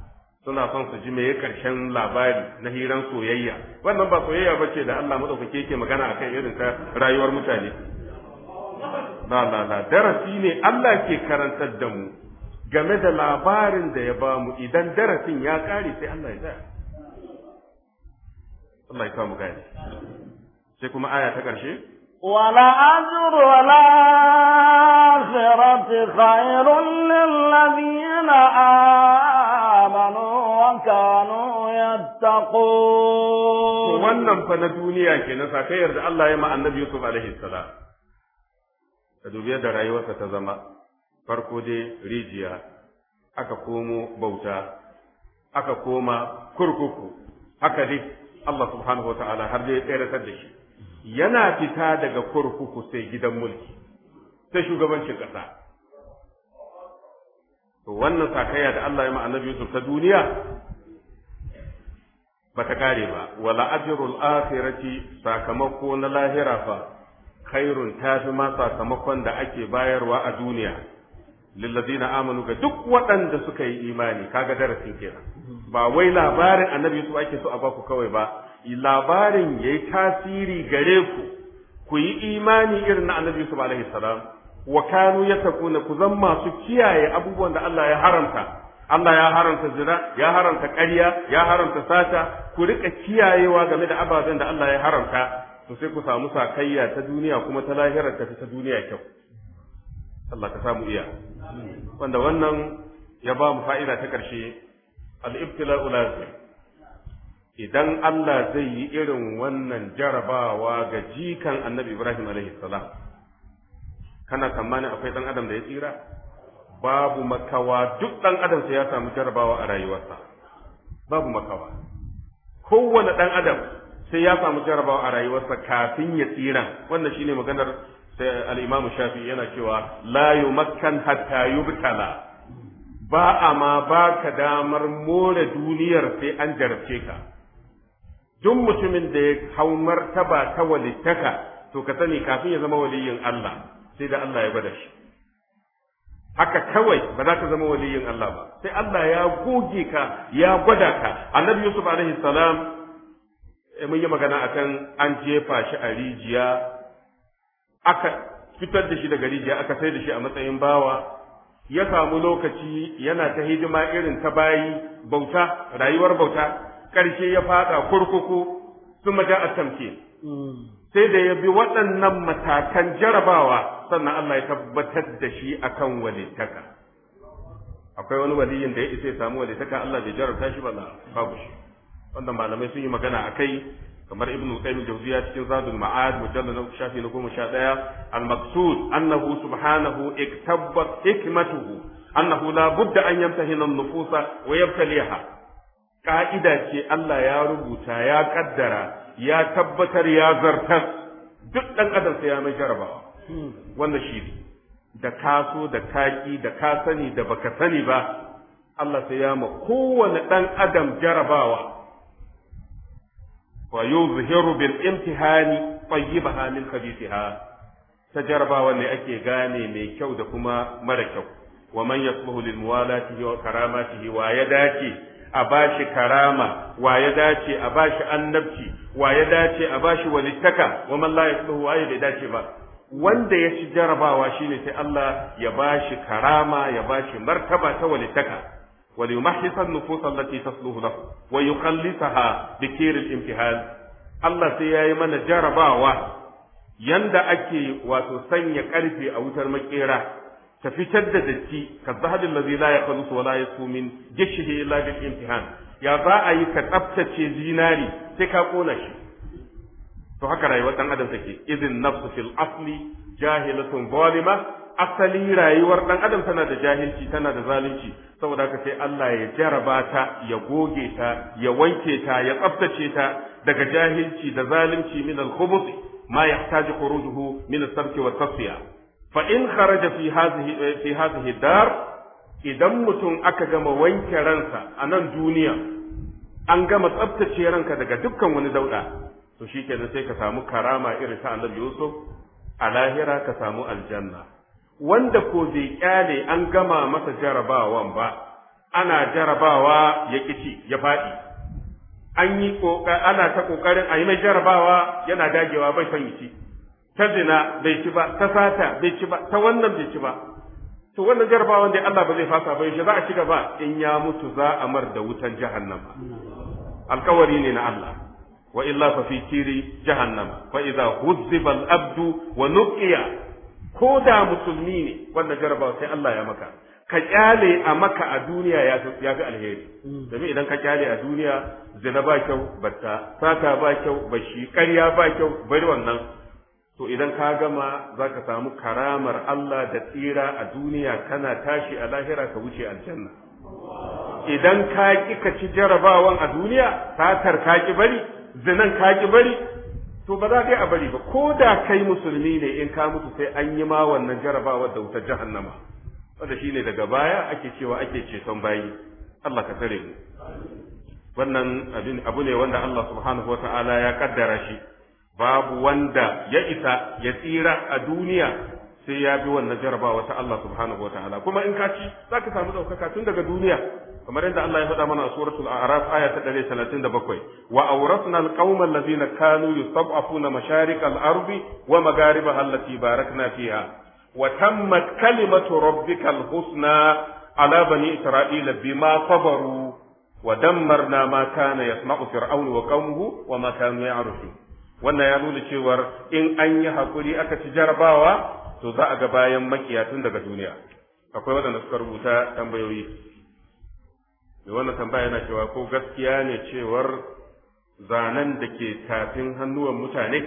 B: suna son su ji meye karshen labari na hiran soyayya wannan ba soyayya ba ce da Allah madaukake yake magana akan irin ta rayuwar mutane la la la darasi ne Allah ke karantar da mu game da labarin da ya bamu idan darasin ya kare sai Allah ya ja. Allah ya samu gani sai kuma aya ta ƙarshe
A: wala ajru wala akhirati khairun lil ladina amanu wa kanu yattaqun
B: wannan fa na duniya kenan sakayar da Allah ya ma annabi Yusuf alaihi salam ka dubi yadda rayuwarsa ta zama farko dai rijiya aka komo bauta aka koma kurkuku haka dai Allah subhanahu wa ta'ala har dai tseratar da shi yana fita daga kurkuku sai gidan mulki sai shugabancin ƙasa wannan sakayya da Allah ya ma annabi Yusuf ta duniya ba ta kare ba wala ajrul akhirati sakamako na lahira fa khairun tafi ma sakamakon da ake bayarwa a duniya lillazina amanu ga duk waɗanda suka yi imani kaga darasin kenan ba wai labarin annabi su ake so a baku kawai ba labarin yayi tasiri gare ku ku yi imani irin na annabi su alaihi salam wa kanu yatakuna ku zan masu kiyaye abubuwan da Allah ya haramta Allah ya haramta zina ya haramta ƙarya ya haramta sata ku rika kiyayewa game da ababen da Allah ya haramta to sai ku samu sakayya ta duniya kuma ta lahirar ta ta duniya kyau Allah ka samu iya wanda wannan ya ba mu fa'ida ta ƙarshe al-ibtila'u lazim idan Allah zai yi irin wannan jarabawa ga jikan annabi Ibrahim alaihi salam kana tsammani akwai ɗan adam da ya tsira babu makawa duk ɗan adam sai ya samu jarabawa a rayuwarsa babu makawa kowane ɗan adam sai ya samu jarabawa a rayuwarsa kafin ya tsira wannan shine maganar sai al shafi yana cewa layu makkan hatta yubtala ba a ma ba ka damar more duniyar sai an jarabce ka duk mutumin da ya hau martaba ta walittaka to ka sani kafin ya zama waliyin Allah sai da Allah ya gwada shi haka kawai ba za ka zama waliyin Allah ba sai Allah ya goge ka ya gwada ka annabi Yusuf alaihi salam eh, mun yi magana akan an jefa shi a rijiya aka fitar da shi daga rijiya aka sai da shi a matsayin bawa ya samu lokaci yana ta hidima irin ta bayi bauta rayuwar bauta ƙarshe ya fada kurkuku sun maja a tamke sai da ya bi waɗannan matakan jarabawa sannan Allah ya tabbatar da shi akan walitaka akwai wani waliyin da ya isa ya samu walitaka Allah bai jarabta shi ba babu shi wanda malamai sun yi magana akai kamar ibnu qayyim jawziya cikin zadul ma'ad mujallad na shafi na goma sha ɗaya al maqsud annahu subhanahu iktabbat hikmatuhu annahu la budda an yamtahina an-nufusa wa yabtaliha ka'ida ce Allah ya rubuta ya kaddara ya tabbatar ya zartar duk dan adam sai ya mai jarabawa wannan shi da ka so da kaki da ka sani da baka sani ba Allah sai ya ma kowane dan adam jarabawa wa bin bil imtihani tayyibaha min khabithiha ta jarabawa ne ake gane mai kyau da kuma mara kyau wa man yasluhu lil muwalatihi wa wa ya dace a bashi karama wa ya dace a bashi annabci wa ya dace a bashi walittaka wa man la yasluhu wa dace ba wanda ya ci jarabawa shine sai Allah ya bashi karama ya bashi martaba ta walittaka وليمحص النفوس التي تصلح له ويخلصها بكير الامتحان Allah sai ya yi mana jarabawa yanda ake wato sanya karfe a wutar maƙera, ta fitar da datti ka zahabin lazi la ya kalusu wala ya sumin gishihi illa bil imtihan ya za a yi ka tsaftace zinari sai ka kona shi to haka rayuwar dan adam take idin nafsu fil asli jahilatun zalima asali rayuwar dan adam tana da jahilci tana da zalunci saboda haka sai Allah ya jaraba ta ya goge ta ya wanke ta ya tsaftace ta daga jahilci da zalunci min al-khubuth ma yahtaju khurujuhu min as-sabk wa tasfiya fa in kharaja fi hadhihi eh, fi hadhihi dar idan mutum aka gama wanke ransa a nan duniya an gama tsaftace ranka daga dukkan wani dauda to shikenan sai ka samu karama irin ta Annabi Yusuf a lahira ka samu aljanna wanda ko bai kyale an gama masa jarabawan ba ana jarabawa ya kici ya faɗi an yi ana ta kokarin a yi mai jarabawa yana dagewa bai son yi ci ta zina bai ci ba ta sata bai ci ba ta wannan bai ci ba to wannan jarabawan dai Allah ba zai fasa ba yaushe za a ci gaba in ya mutu za a mar da wutan jahannama alkawari ne na Allah wa illa fa fi kiri jahannama fa idza huzziba al-abdu wa nuqiya ko da musulmi ne wannan jarabawa sai Allah ya maka ka kyale a maka a duniya ya fi alheri domin idan ka kyale a duniya zina ba kyau batta sata ba kyau bashi ƙarya ba kyau bari wannan to idan ka gama za ka samu karamar Allah da tsira a duniya kana tashi a lahira ka wuce aljanna idan ka ki ka ci jarabawan a duniya satar ka ki bari zinan ka ki bari to ba za ka yi a bari ba ko da kai musulmi ne in ka mutu sai an yi ma wannan jarabawa da wutar jahannama wanda ne daga baya ake cewa ake ceton bayi Allah ka tare mu wannan abu ne wanda Allah subhanahu wataala ya kaddara shi babu wanda ya isa ya tsira a duniya sai ya bi wannan jarabawa ta Allah subhanahu ta'ala kuma in ka ci zaka samu daukaka tun daga duniya kamar yadda Allah ya faɗa mana a suratul a'raf aya ta 137 wa awrasna alqauma allazina kanu yustad'afuna masharik al-ardi wa magharibaha allati barakna fiha wa tammat kalimatu rabbikal husna ala bani isra'ila bima sabaru wa dammarna ma kana yasma'u fir'aun wa qaumuhu wa ma kanu ya'rifun wannan ya nuna cewar in an yi hakuri aka ci jarabawa to za a ga bayan makiya tun daga duniya akwai waɗanda suka rubuta tambayoyi da wannan tambaya yana cewa ko gaskiya ne cewar zanen da ke tafin hannuwan mutane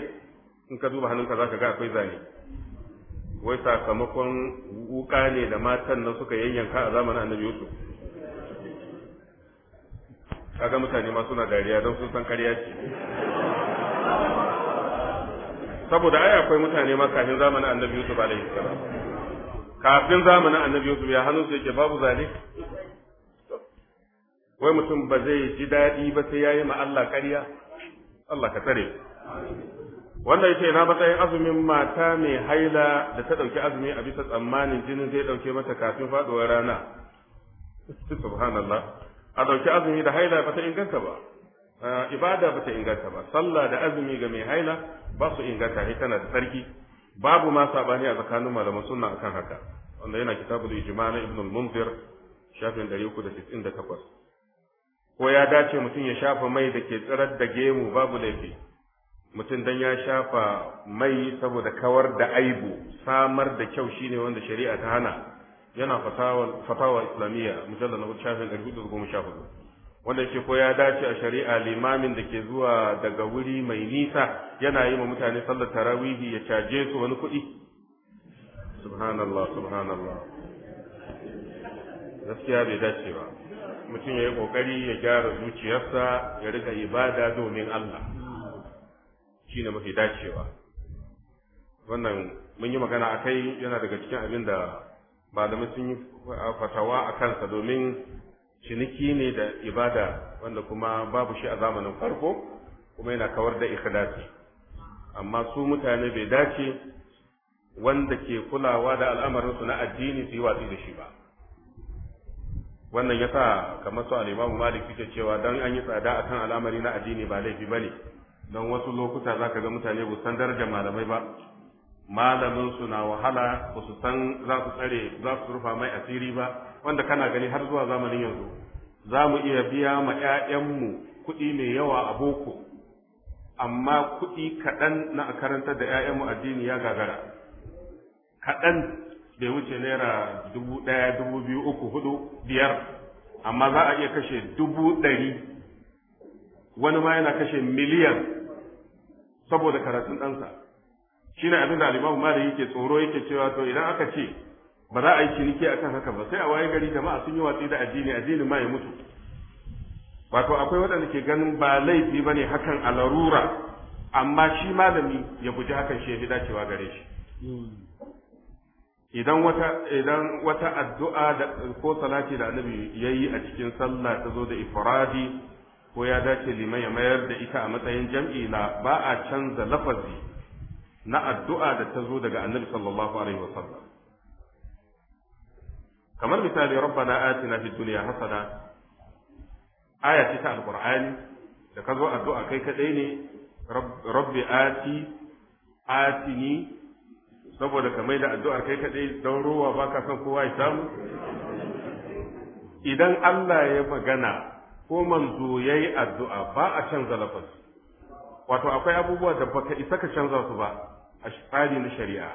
B: in ka zuba hannunka za ka ga akwai zane wai sakamakon wuka ne da matan na suka yayyanka a zamanin annabi yusuf kaga mutane ma suna dariya don sun san kariya ce saboda ai akwai mutane ma kafin zamanin annabi yusuf alaihi salam kafin zamanin annabi yusuf ya hannu su yake babu zali wai mutum ba zai ji daɗi ba sai yayi ma Allah ƙarya Allah ka tare wanda yake na matsayin azumin mata mai haila da ta ɗauki azumi a bisa tsammanin jinin zai ɗauke mata kafin faɗuwar rana subhanallah a ɗauki azumi da haila ba ta inganta ba ah, ibada ba ta inganta ba sallah da azumi ga mai haila ba su inganta shi tana da tsarki babu ma sabani a tsakanin malaman sunna akan haka wanda yana kitabul ijma na ibn al-munzir shafin 398 ko ya dace mutum ya shafa mai da ke tsirar da gemu babu laifi mutum dan ya shafa mai saboda kawar da aibu samar da kyau shine wanda shari'a ta hana yana fatawa fatawa islamiyya mujallal na shafin 414 wanda ke ko ya dace a shari'a limamin da ke zuwa daga wuri mai nisa yana yi ma mutane sallar tarawihi ya caje su wani kuɗi subhanallah subhanallah gaskiya bai dace ba mutum ya yi ƙoƙari ya gyara zuciyarsa ya riga ibada domin Allah Shi ne mafi dacewa wannan mun yi magana a kai yana daga cikin abin da malamai sun yi fatawa a kansa domin ciniki ne da ibada wanda kuma babu shi a zamanin farko kuma yana kawar da ikhlasi amma su mutane bai dace wanda ke kulawa da al'amarinsu na addini su yi watsi da shi ba wannan yasa kamar su al'imamu malik suke cewa dan an yi tsada kan al'amari na addini ba laifi ba ne, don wasu lokuta za ka ga mutane ba san darajar malamai ba malamin su na wahala ba su san za su tsare za su rufa mai asiri ba wanda kana gani har zuwa zamanin yanzu za mu iya biya ma 'ya'yanmu kuɗi mai yawa a boko amma kuɗi kaɗan na a karantar da 'ya'yanmu addini ya gagara kaɗan bai wuce naira dubu ɗaya dubu biyu uku hudu biyar amma za a iya kashe dubu ɗari wani ma yana kashe miliyan saboda karatun ɗansa shi ne abin da alimamu ma yake tsoro yake cewa to idan aka ce ba za a yi ciniki akan haka ba sai a waye gari jama'a sun yi watsi da addini addini ma ya mutu wato akwai waɗanda ke ganin ba laifi ba ne hakan a larura amma shi malami ya guji hakan shi ya fi dacewa gare shi idan wata idan wata addu'a da ko salati da annabi yayi a cikin sallah ta zo da ifradi ko ya dace liman ya mayar da ita a matsayin jam'i la ba a canza lafazi na addu'a da ta zo daga annabi sallallahu alaihi wasallam kamar misali rabbana atina fid dunya hasana aya ta alqur'ani da ka zo addu'a kai kadai ne rabbi ati atini saboda ka mai da addu'ar kai kadai don ruwa baka son kowa ya samu idan Allah ya magana ko manzo yayi addu'a ba a canza lafazi wato akwai abubuwa da baka isa ka canza su ba a tsari na shari'a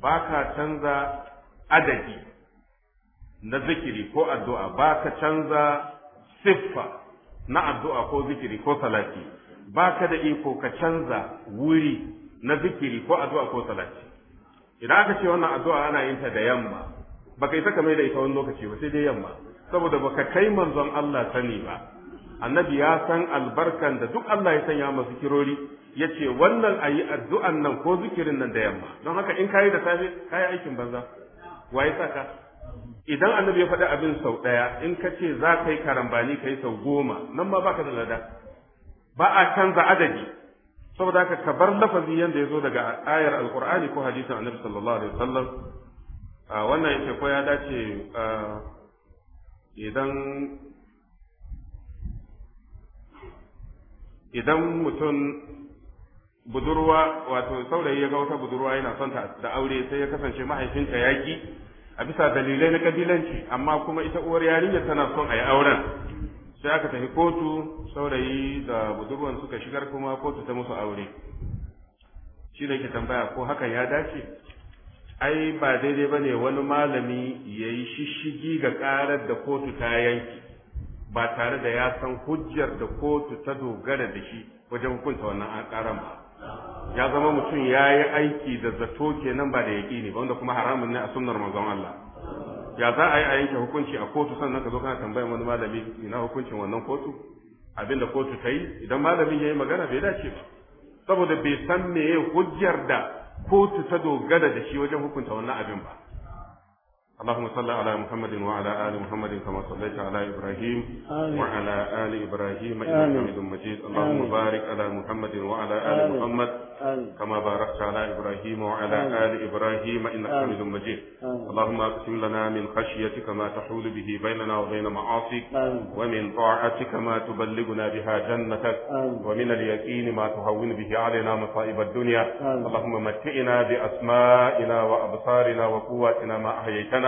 B: ba ka canza adadi na zikiri ko addu'a ba ka canza siffa na addu'a ko zikiri ko salati ba ka da iko ka canza wuri na zikiri ko addu'a ko salati idan aka ce wannan addu'a ana yin ta da yamma baka isa ka da ita wani lokaci ba sai dai yamma saboda ba ka kai manzon Allah sani ba annabi ya san albarkan da duk Allah ya sanya masa zikirori ya ce wannan a yi addu'an nan ko zikirin nan da yamma don haka in kayi da safe kayi aikin banza waye sa ka idan annabi ya faɗi abin sau ɗaya in ka ce za ka yi karambani ka yi sau goma nan ma ba ka da lada ba a canza adadi saboda haka ka bar lafazi yadda ya zo daga ayar alkur'ani ko hadisin annabi sallallahu alaihi wasallam wannan yake ko ya dace idan idan mutum budurwa wato saurayi ya ga wata budurwa yana son ta da aure sai ya kasance mahaifinta ya a bisa dalilai na kabilanci amma kuma ita uwar yarinya tana son a yi auren sai aka tafi kotu saurayi da budurwan suka shigar kuma kotu ta musu aure shi da ke tambaya ko hakan ya dace ai ba daidai ba ne wani malami ya yi shishigi ga karar da kotu ta yanki ba tare da ya san hujjar da kotu ta dogara da shi wajen hukunta wannan karan ba ya zama mutum ya yi aiki da zato kenan ba da ne ba wanda kuma haramun ne a sunnar manzon Allah ya za a yi a yanke hukunci a kotu sannan ka zo kana tambayar wani malami ina hukuncin wannan kotu abinda kotu ta yi idan malamin ya yi magana bai dace ba saboda bai san meye hujjar da kotu ta dogara da shi wajen hukunta wannan abin ba اللهم صل على محمد وعلى ال محمد كما صليت على ابراهيم وعلى ال ابراهيم انك حميد مجيد اللهم بارك على محمد وعلى ال محمد كما باركت على ابراهيم وعلى ال ابراهيم انك حميد مجيد اللهم اقسم لنا من خشيتك ما تحول به بيننا وبين معاصيك ومن طاعتك ما تبلغنا بها جنتك ومن اليقين ما تهون به علينا مصائب الدنيا اللهم متئنا باسمائنا وابصارنا وقواتنا ما احييتنا